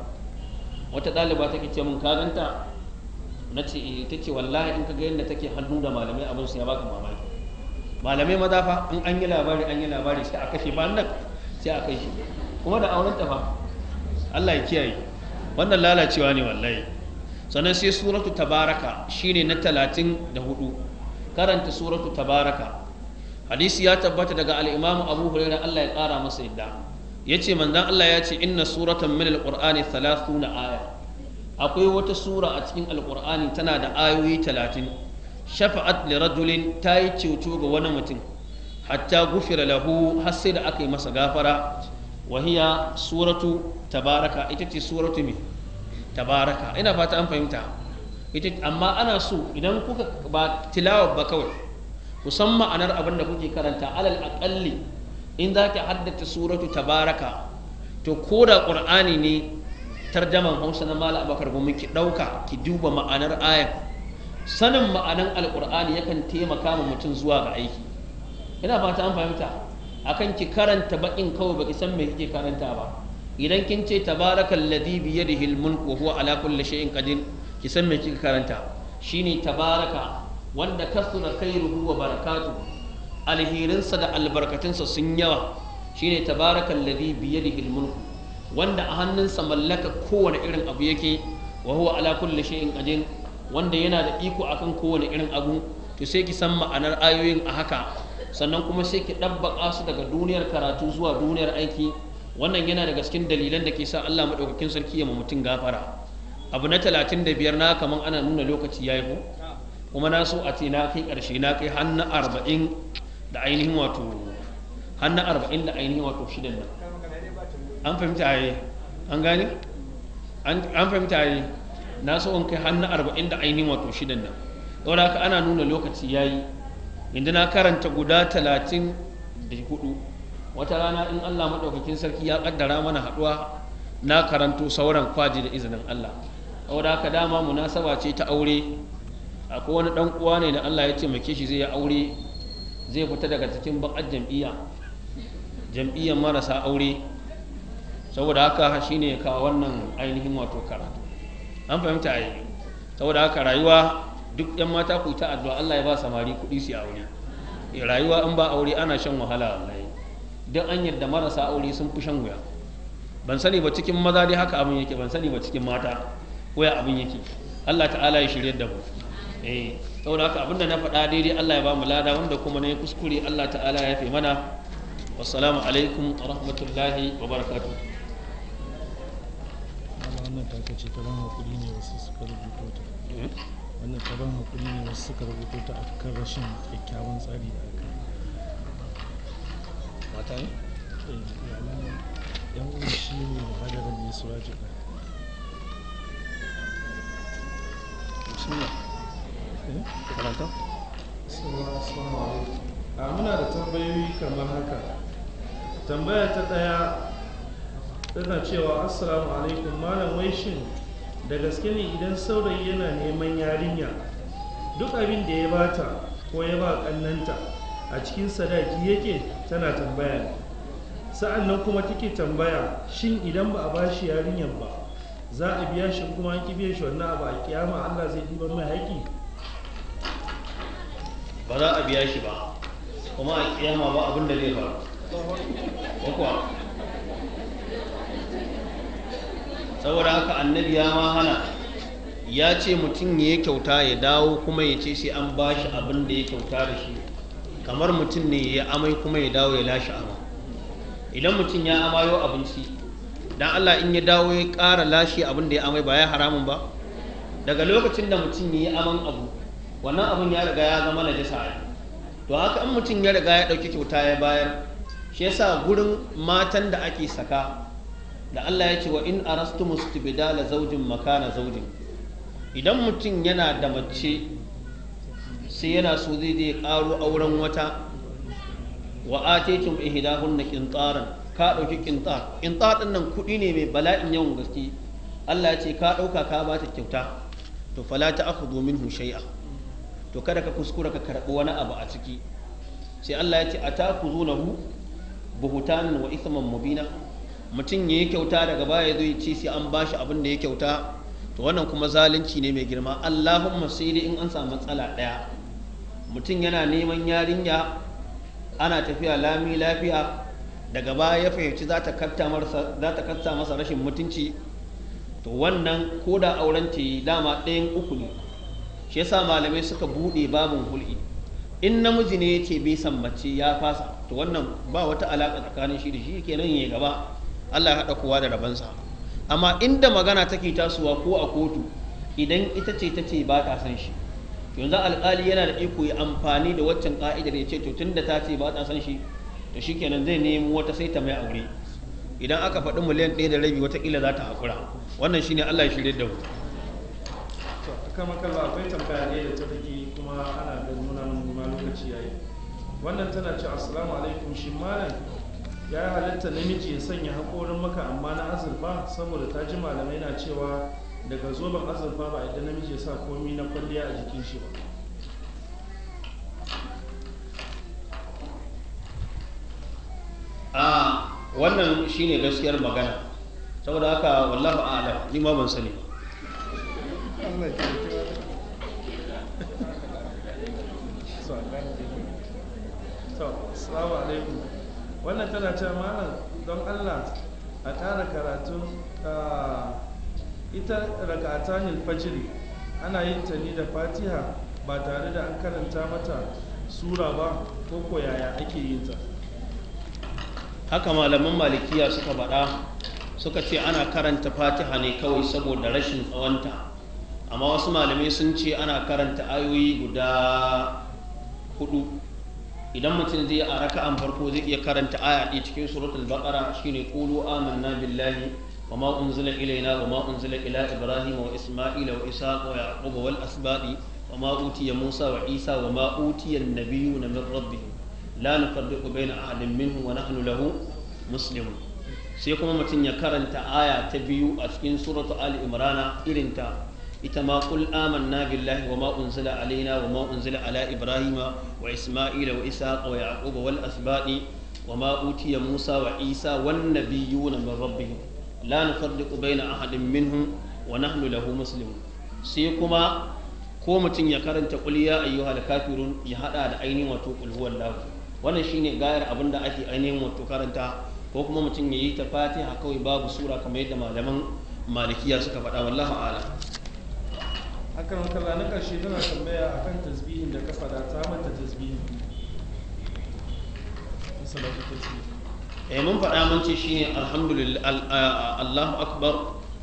wata ɗaliba take ce min ka ganta na ce eh, ta ce wallahi in ka ga yadda take hannu da malamai abin su ya baka mamaki malamai maza fa in an yi labari an yi labari sai a kashe ba nan sai a kashe kuma da auren tafa Allah ya kiyaye wannan lalacewa ne wallahi sannan sai suratu tabaraka shine na talatin da hudu karanta suratu tabaraka hadisi ya tabbata daga al'imamu abu hurairah Allah ya kara masa yadda yace manzon Allah ya ce inna suratan min al-qur'ani 30 aya akwai wata sura a cikin al-qur'ani tana da ayoyi talatin shafa'at li rajulin ta yi ceto ga wani mutum hatta gufira lahu har sai da aka yi masa gafara wahiya suratu tabaraka ita ce suratu mai tabaraka ina fata an fahimta ita amma ana so idan kuka ba tilawa ba kawai ku san ma'anar abin da kuke karanta alal aƙalli in za ki haddata suratu tabaraka to ko da ƙur'ani ne tarjaman hausa na mala abakar gumi ki ɗauka ki duba ma'anar ayan sanin ma'anan alkur'ani yakan taimaka ma mutum zuwa ga aiki ina fata an fahimta akan ki karanta bakin kawai baki san me kike karanta ba idan kin ce tabarakal ladhi bi yadihi al mulk wa huwa ala kulli shay'in qadir ki san me kike karanta shine tabaraka wanda kasura khairuhu wa barakatuhu alhirinsa da albarkatunsa sun yawa shine tabarakal ladhi bi yadihi al mulk wanda a hannunsa mallaka kowane irin abu yake wa huwa ala kulli shay'in qadir wanda yana da iko akan kowane irin abu to sai ki san ma'anar ayoyin a haka sannan kuma sai ki ɗabbaƙa su daga duniyar karatu zuwa duniyar aiki wannan yana daga cikin dalilan da ke sa Allah maɗaukakin sarki ya mutum gafara abu na talatin da biyar na kaman ana nuna lokaci ya yi ko kuma na so a ce na kai ƙarshe na kai hannu arba'in da ainihin wato hannu arba'in da ainihin wato shidan nan an fahimta yi an gani an fahimta yi na so in kai hannu arba'in da ainihin wato shidan nan ɗaura haka ana nuna lokaci ya yi inda na karanta guda talatin da hudu wata rana in allah maɗaukakin sarki ya ƙaddara mana haɗuwa na karanto sauran kwaji da izinin allah ɗaura haka dama munasaba ce ta aure akwai wani ɗan uwa ne da allah ya taimake shi zai yi aure zai fita daga cikin baƙar jam'iyya jam'iyyar marasa aure saboda haka shine ka wannan ainihin wato karatu an fahimta a yi saboda haka rayuwa duk yan mata ku ta addu'a Allah ya ba samari kuɗi su aure eh, rayuwa an ba aure ana shan wahala wallahi duk an yarda marasa aure sun fi shan wuya ban sani ba cikin maza dai haka abin yake ban sani ba cikin mata waya abin yake Allah ta'ala ya shirye da mu eh saboda haka abinda na faɗa daidai Allah ya ba mu lada wanda kuma ne kuskure Allah ta'ala ya fi mana wassalamu alaikum wa rahmatullahi wa barakatuh wannan ta ce ta ban kudi ne wasu suka rubuto ta eh? wannan ta ban kudi ne wasu suka rubuto ta akan rashin kyakkyawan tsari da aka mata ne? Eh, yan uwan shi ne da hadarin ne su raji ba eh? karanta? muna da tambayoyi kamar haka tambaya ta daya suna cewa assalamu alaikum malam wai shin da gaske ne idan saurayi yana neman yarinya duk abin da ya bata ko ya ba kannanta a cikin sadaki yake tana tambaya sa'an nan kuma take tambaya shin idan ba a bashi yarinyar ba za a biya shi kuma an kibiyar shi wannan abu a kiyama Allah zai ɗiban mai haƙi ba za a biya shi ba kuma a kiyama ba abin da zai faru saboda haka annabi ya ma hana ya ce mutum ya kyauta ya dawo kuma ya ce sai an ba shi abin da ya kyauta da shi kamar mutum ne ya amai kuma ya dawo ya lashe ama idan mutum ya amayo abinci dan Allah in ya dawo ya ƙara lashe abin da ya amai ba ya haramun ba daga lokacin da mutum ya yi aman abu wannan abin ya riga ya zama jisa to haka in mutum ya riga ya ɗauki kyauta ya bayar shi yasa gurin matan da ake saka da Allah ya ce wa in arastu mustibdala zaujin makana zaujin idan mutum yana da mace sai yana so zai je karo auren wata wa atitum ihdahunna qintaran ka dauki qintar qintar din nan kudi ne mai bala'in yawan gaske Allah ya ce ka dauka ka ba ta kyauta to fala ta'khudhu minhu shay'a to kada ka kuskura ka karbi wani abu a ciki sai Allah ya ce atakuzunahu buhutanan wa ithman mubina mutum ya yi kyauta daga baya zai ce sai an ba shi abin da ya kyauta to wannan kuma zalunci ne mai girma allahumma sai dai in an samu matsala ɗaya mutum yana neman yarinya ana tafiya lami lafiya daga baya ya fahimci za ta kasta masa rashin mutunci to wannan ko da auren ta yi dama ɗayan uku ne shi yasa malamai suka buɗe babin hulɗi in namiji ne ya ce bai sambace ya fasa to wannan ba wata alaƙa tsakanin shi da shi kenan ya gaba Allah ya haɗa kowa da rabansa amma inda magana take tasowa ko a kotu idan ita ce ta ce ba ta san shi yanzu alƙali yana da iko ya amfani da waccan ƙa'idar ya ce to tunda ta ce ba ta san shi to shikenan zai nemi wata sai ta mai aure idan aka faɗi miliyan ɗaya da rabi watakila za ta haƙura wannan shine Allah ya shirya da mu kama kalba akwai tambaya ne da ta fiki kuma ana da nuna ma lokaci yayi wannan tana ce assalamu alaikum malam ya halatta namiji ya sanya haƙorin maka amma na azurfa saboda ta ji malamai na cewa daga zoben azurfa ba idan namiji ya sa komi na kwalliya a jikin shi ba a wannan shine gaskiyar magana saboda haka wallahu a'lam ni ma ban sani ba wannan tana cewa malam don allah a tara karatun ita raka'atanil fajiri ana yin ta ne da fatiha ba tare da an karanta mata sura ba ko ko yaya ake yin ta haka malaman malikiya suka baɗa suka ce ana karanta fatiha ne kawai saboda rashin tsawonta amma wasu malamai sun ce ana karanta ayoyi guda hudu idan mutum zai a an farko zai iya karanta aya ɗaya cikin suratul baqara shine qulu amanna billahi wa ma unzila ilaina wa ma unzila ila ibrahim wa isma'ila wa isa wa yaqub wal asbaqi wa ma utiya musa wa isa wa ma utiya an min rabbihim la nufarriqu baina ahadin minhum wa nahnu lahu muslimun sai kuma mutum ya karanta aya ta biyu a cikin suratul ali imrana ta. ita ma qul amanna billahi wa ma unzila alaina wa ma unzila ala ibrahima wa isma'ila wa isaqa wa yaquba wal asbaqi wa ma utiya musa wa isa wan nabiyuna min rabbihim la nufarriqu baina ahadin minhum wa nahnu lahu muslimun sai kuma ko mutum ya karanta qul ya ayyuhal kafirun ya hada da ainihin wato qul huwallahu wannan shine gayar abin da ake ainihin wato karanta ko kuma mutum ya yi ta fatiha kawai babu sura kamar yadda malaman malikiya suka faɗa wallahu a'lam akan wakala na ƙarshe tana tambaya kan tasbihin da ka fada ta manta tasbihin eh, mun faɗa mun ce shine alhamdulillah Allahu akbar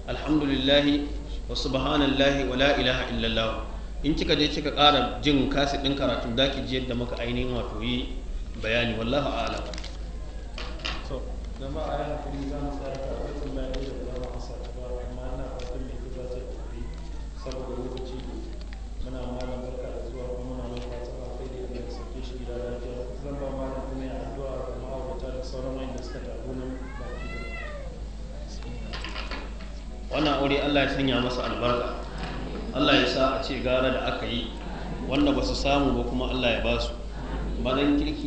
alhamdulillah wa subhanallahi wa la ilaha illallah in kika je kika ƙara jin kasi ɗin karatu da ki ji yadda muka ainihin wato yi bayani wallahu a'lam so jama'a ya hakuri za mu tsara suna aure Allah ya sanya masa albarka Allah ya sa a ce gara da aka yi wanda ba su samu ba kuma Allah ya ba su kirki